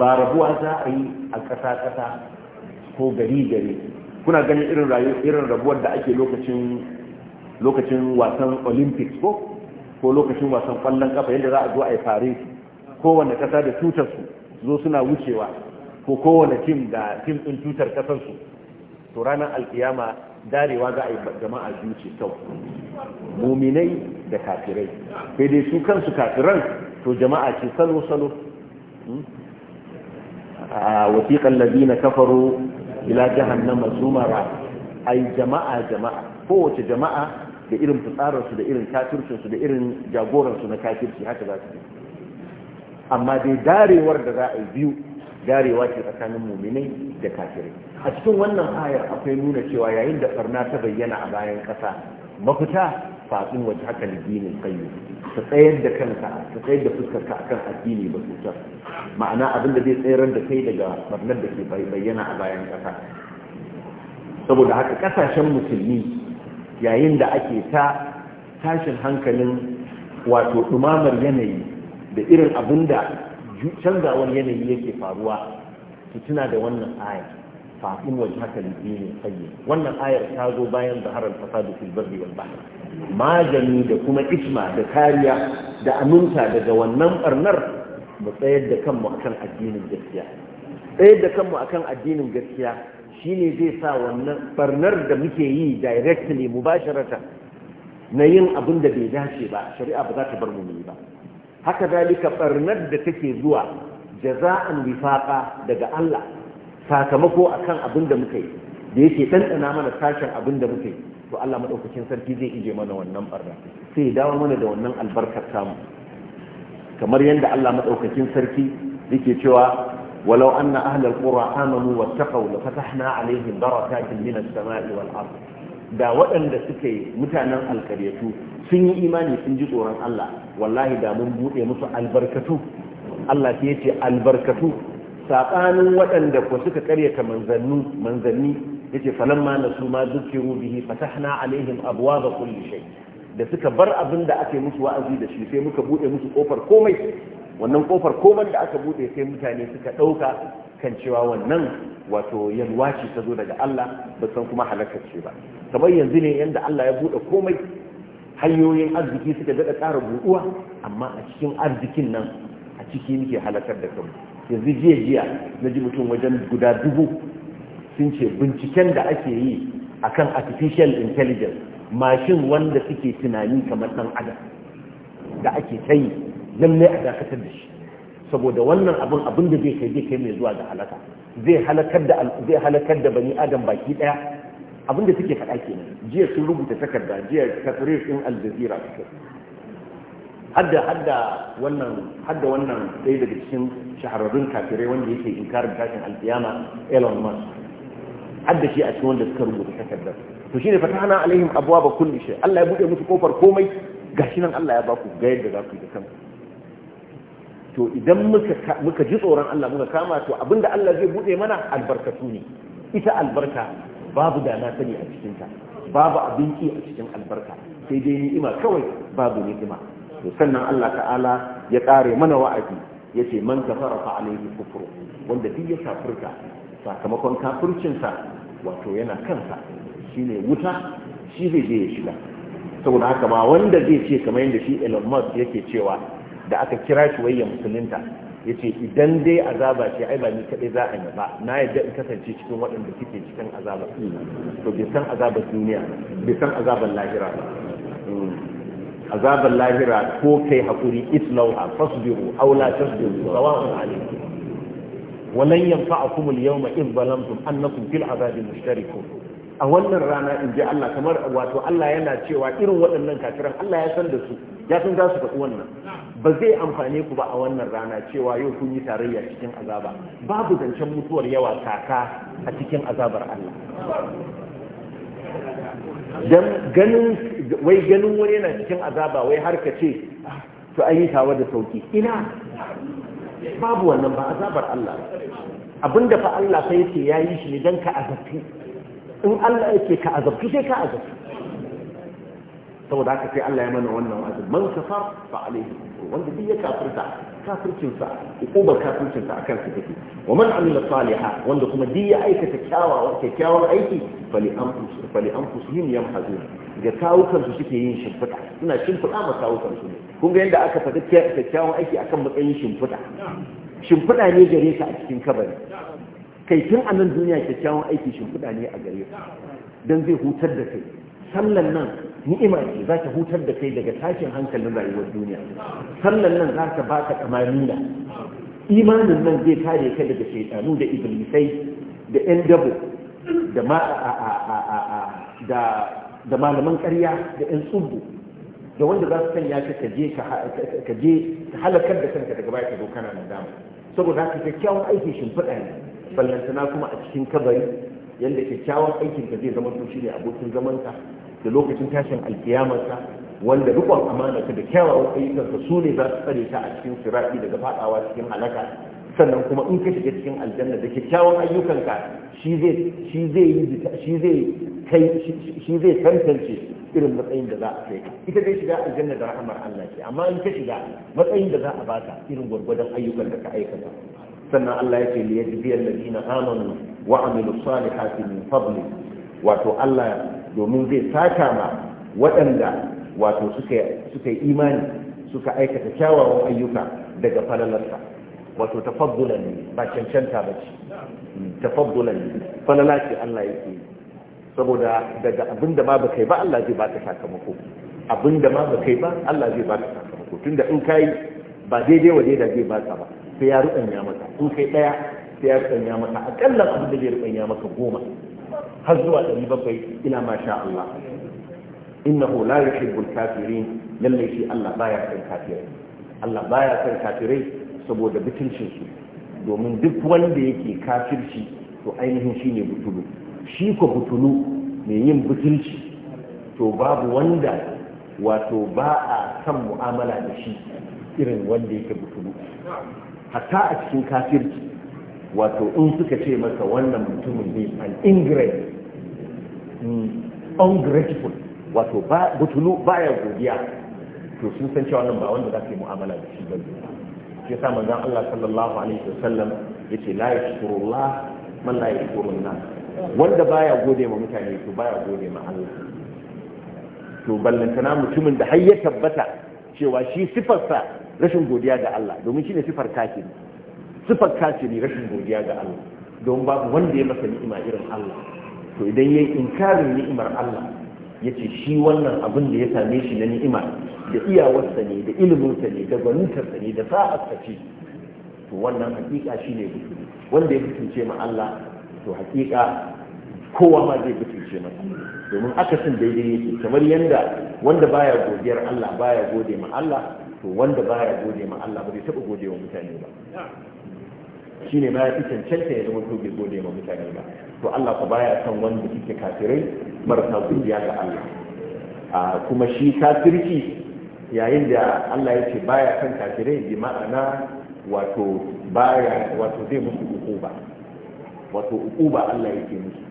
ba rabuwa za a yi a ƙasa ƙasa ko gari gari kuna ganin irin irin rabuwar da ake lokacin lokacin wasan olympics ko ko lokacin wasan ƙwallon kafa yadda za a zo a yi fare kowane ƙasa da tutarsu su zo suna wucewa ko kowane tim da tim ɗin tutar ƙasar to ranar alkiyama darewa za a yi jama'a biyu ce kawai muminai da kafirai sai dai su kansu kafiran to jama'a ce salo salo hmm? a wasiƙan ladina kafaro ila jahannama zumara ai jama'a jama'a kowace jama'a da irin fitsararsu da irin kafircinsu da irin jagoransu na kafirci haka za su yi amma dai darewar da za a yi biyu darewa ce tsakanin muminai da kafirai a cikin wannan ayar akwai nuna cewa yayin da barna ta bayyana a bayan ƙasa mafita fatsin wajen haka addinin kayyum ta tsayar da kanka ta tsayar da fuskarka akan addini ba cutar ma'ana abin da zai tsayar da kai daga barnar da ke bayyana a bayan ƙasa saboda haka ƙasashen musulmi yayin da ake ta tashin hankalin wato ɗumamar yanayi da irin abin da canzawar yanayi yake faruwa su tuna da wannan ayar فاطم وجهك للدين القيم wannan ayar ta zo bayan zaharar da fil barri wal bahr majani da kuma isma da kariya da aminta daga wannan barnar mu tsayar da kanmu akan addinin gaskiya tsayar da kanmu akan addinin gaskiya shine zai sa wannan barnar da muke yi mu basharata na yin abin da bai dace ba shari'a ba za ta bar mu yi ba haka zalika barnar da take zuwa jaza'an wifaqa daga Allah sakamako akan abin da muka yi da yake ɗanɗana mana sashen abin da muka yi to Allah maɗaukakin sarki zai ije mana wannan barna sai ya dawo mana da wannan albarkar samu kamar yadda Allah maɗaukakin sarki yake cewa walau anna ahlal qura amanu wattaqaw la fatahna alaihim barakatin sama'i wal da waɗanda suka yi mutanen alkaryatu sun yi imani sun ji tsoron Allah wallahi da mun buɗe musu albarkatu Allah sai ya ce albarkatu saɓanin waɗanda ko suka karyata manzanni manzanni yace falamma nasu ma dhukiru bihi fatahna alaihim abwaaba kulli shay da suka bar abin da ake musu wa'azi da shi sai muka bude musu kofar komai wannan kofar komai da aka bude sai mutane suka dauka kan cewa wannan wato yalwa ce ta zo daga Allah ba san kuma halakar ce ba kamar yanzu ne yanda Allah ya bude komai hanyoyin arziki suka daɗa ƙara buɗuwa amma a cikin arzikin nan a ciki muke halakar da kanmu yanzu jiya jiya na ji mutum wajen guda dubu sun ce binciken da ake yi akan artificial intelligence mashin wanda suke tunani kamar ɗan adam da ake ta yi lallai a dakatar da shi saboda wannan abin abin da zai kai zai kai mai zuwa ga halaka zai halakar da bani adam baki daya abin da suke faɗa kenan jiya sun rubuta takarda jiya tafrir din al jazeera hadda hadda wannan hadda wannan sai daga cikin shahararrun kafirai wanda yake inkarin tashin alkiyama Elon Musk hadda shi a cikin wanda suka rubuta takardar to shine fatahana alaihim abwaba kulli shay Allah ya buɗe musu kofar komai gashi nan Allah ya ba ku ga yadda za ku yi da kanku to idan muka muka ji tsoron Allah muka kama to abinda Allah zai buɗe mana albarkatu ne ita albarka babu da na sani a cikinta babu abinci a cikin albarka sai dai ni'ima kawai babu ni'ima to sannan Allah ta'ala ya kare mana wa'azi yace man kafara fa alayhi kufru wanda duk ya kafirta sakamakon kafircinsa wato yana kansa shine wuta shi zai je ya shiga saboda haka ba wanda zai ce kamar yadda shi Elon Musk yake cewa da aka kira shi wayyan musulunta yace idan dai azaba ce ai ba ni kadai za a yi ba na yadda in kasance cikin waɗanda suke cikin azaba to bai san azabar duniya bai san azabar lahira ba hmm. azabar lahira ko kai hakuri islauha fasbiru aw la tasbiru sawa'un alaykum walan yanfa'akum al-yawma idh zalamtum annakum fil azabi mushtarikun a wannan rana in ji Allah kamar wato Allah yana cewa irin waɗannan kafiran Allah ya san da su ya san za su faɗi wannan ba zai amfane ku ba a wannan rana cewa yau kun yi tarayya cikin azaba babu zancen mutuwar yawa kaka a cikin azabar Allah dan ganin wai ganin wani yana cikin azaba wai har ka ce ah, to an yi tawa da sauki ina babu wannan ba azabar Allah abinda fa Allah sai yake yi shi ne dan ka azabtu in Allah yake ka azabtu sai ka azabtu saboda haka sai Allah ya mana wannan wa'azi man kafar fa alaihi wanda duk ya kafirta kafircin sa ukubar kafircin sa akan sa take wa man amila salihah wanda kuma duk ya aikata kyawawan kyakkyawan aiki fali anfus fali anfusihim yamhazun ga kawukansu suke yin shimfiɗa suna shimfiɗa ma kawukansu ne kun ga yadda aka faɗi kyakkyawan aiki akan matsayin shimfiɗa shimfiɗa ne gare ka a cikin kabari kai tun a nan duniya kyakkyawan aiki shimfiɗa ne a gare ka don zai hutar da kai sallan nan ni'ima ce za ta hutar da kai daga tashin hankalin rayuwar duniya sallan nan za ta ba ka kamaniya imanin nan zai kare ka daga shaitanu da iblisai da yan dabo da ma a a a a da da malaman ƙarya da 'yan tsubu da wanda za su sanya ka ka je ka je ka halakar da kanka daga baya ka zo kana nadama saboda haka kyakkyawan aiki shimfiɗa ne ballantana kuma a cikin kabari yadda kyakkyawan aikin ka zai zama to ne abokin zamanka da lokacin tashin alkiyamarka wanda rikon amanarka da kyawawan ayyukanka su ne za su tsare ka a cikin sirafi daga faɗawa cikin halaka sannan kuma in ka shiga cikin aljanna da kyakkyawan ayyukanka shi zai shi zai yi shi zai kai shi zai tantance irin matsayin da za a kai ita zai shiga aljanna da rahmar Allah ce amma in ka shiga matsayin da za a baka irin gwargwadon ayyukan da ka aikata sannan Allah ya ce li yajziyal ladina amanu wa amilus salihati min fadli wato Allah domin zai saka ma waɗanda wato suka suka imani suka aikata kyawawan ayyuka daga falalarsa wato tafaddulan ne ba cancanta ba ce tafaddulan ne falala ce Allah yake saboda daga abinda ma ba kai ba Allah zai baka sakamako abinda ma ba kai ba Allah zai baka sakamako tunda in kai ba daidai wa daidai zai baka ba sai ya rubanya maka in kai daya sai ya rubanya maka akalla abin da zai rubanya maka goma har zuwa ɗari ina ma sha Allah innahu la yuhibbul kafirin lalle shi Allah baya son kafirai Allah baya son kafirai saboda butulcinsu domin duk wanda yake kafirci to ainihin shine butulu shi ko butulu mai yin butulci to babu wanda wato ba a san mu'amala da shi irin wanda yake butulu hatta a cikin kafirci wato in suka ce masa wannan mutumin ne an ingrate mm, ungrateful wato butulu baya godiya to sun san cewa nan ba wanda za yi mu'amala da shi ba shi sa manzon Allah sallallahu alaihi wasallam yace la yashkurullah man la yashkurun nas wanda baya gode ma mutane to baya gode ma Allah to ballantana mutumin da har ya tabbata cewa shi sifarsa rashin godiya ga Allah domin shine sifar kafiri sifar kafiri rashin godiya ga Allah don babu wanda ya masa ni'ima irin Allah to idan yayi inkarin ni'imar Allah ya ce shi wannan abin da ya same shi na ni'ima da iyawarsa ne da iliminsa ne da gwanintarsa ne da sa'arsa ce to wannan hakika shi ne wanda ya mutunce ma Allah to hakika kowa ma zai mutunce masa domin akasin daidai yake kamar yadda wanda baya godiyar Allah baya gode ma Allah to wanda baya gode ma Allah ba zai taɓa gode wa mutane ba shine ma ya fi cancanta ya zama to bai gode ma mutane ba to Allah ku baya son wanda kike kafirai marasa godiya ga Allah kuma shi kafirci yayin da Allah ya ce baya son kafirai bi ma'ana wato baya wato zai musu ukuba wato ukuba Allah yake musu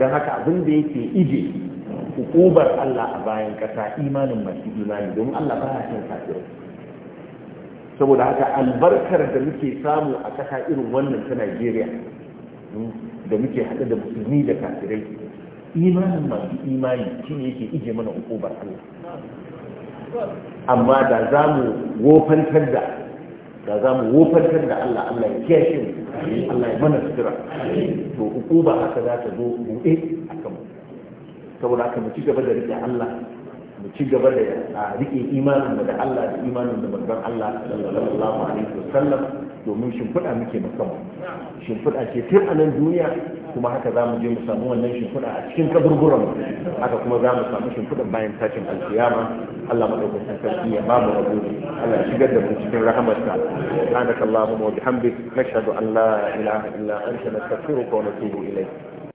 don haka abin da yake ije ukubar Allah a bayan kasa, imanin masu imani domin Allah ba ya son kafirai saboda haka albarkar da muke samu a ƙasa irin wannan ta Najeriya hmm, da muke haɗa da musulmi da kafirai imanin masu imani shi ne yake ije mana hukumar Allah amma da za mu wofantar da da za mu wofantar da Allah Allah ya kiyashe mu Allah ya mana sutura to hukuma haka za ta zo buɗe a kanmu saboda haka mu ci gaba da riƙe Allah mu ci gaba da a rike imanin da Allah da imanin da manzon Allah sallallahu alaihi wasallam domin shimfiɗa muke musamman shimfiɗa ce tun a nan duniya kuma haka za mu je mu samu wannan shimfiɗa a cikin kaburburan haka kuma za mu samu shimfiɗa bayan tashin alkiyama Allah madaukakin sarki ya ba mu rabo Allah ya shigar da mu cikin rahamarsa subhanakallahumma wa bihamdik nashhadu an la ilaha illa anta nastaghfiruka wa natubu ilayk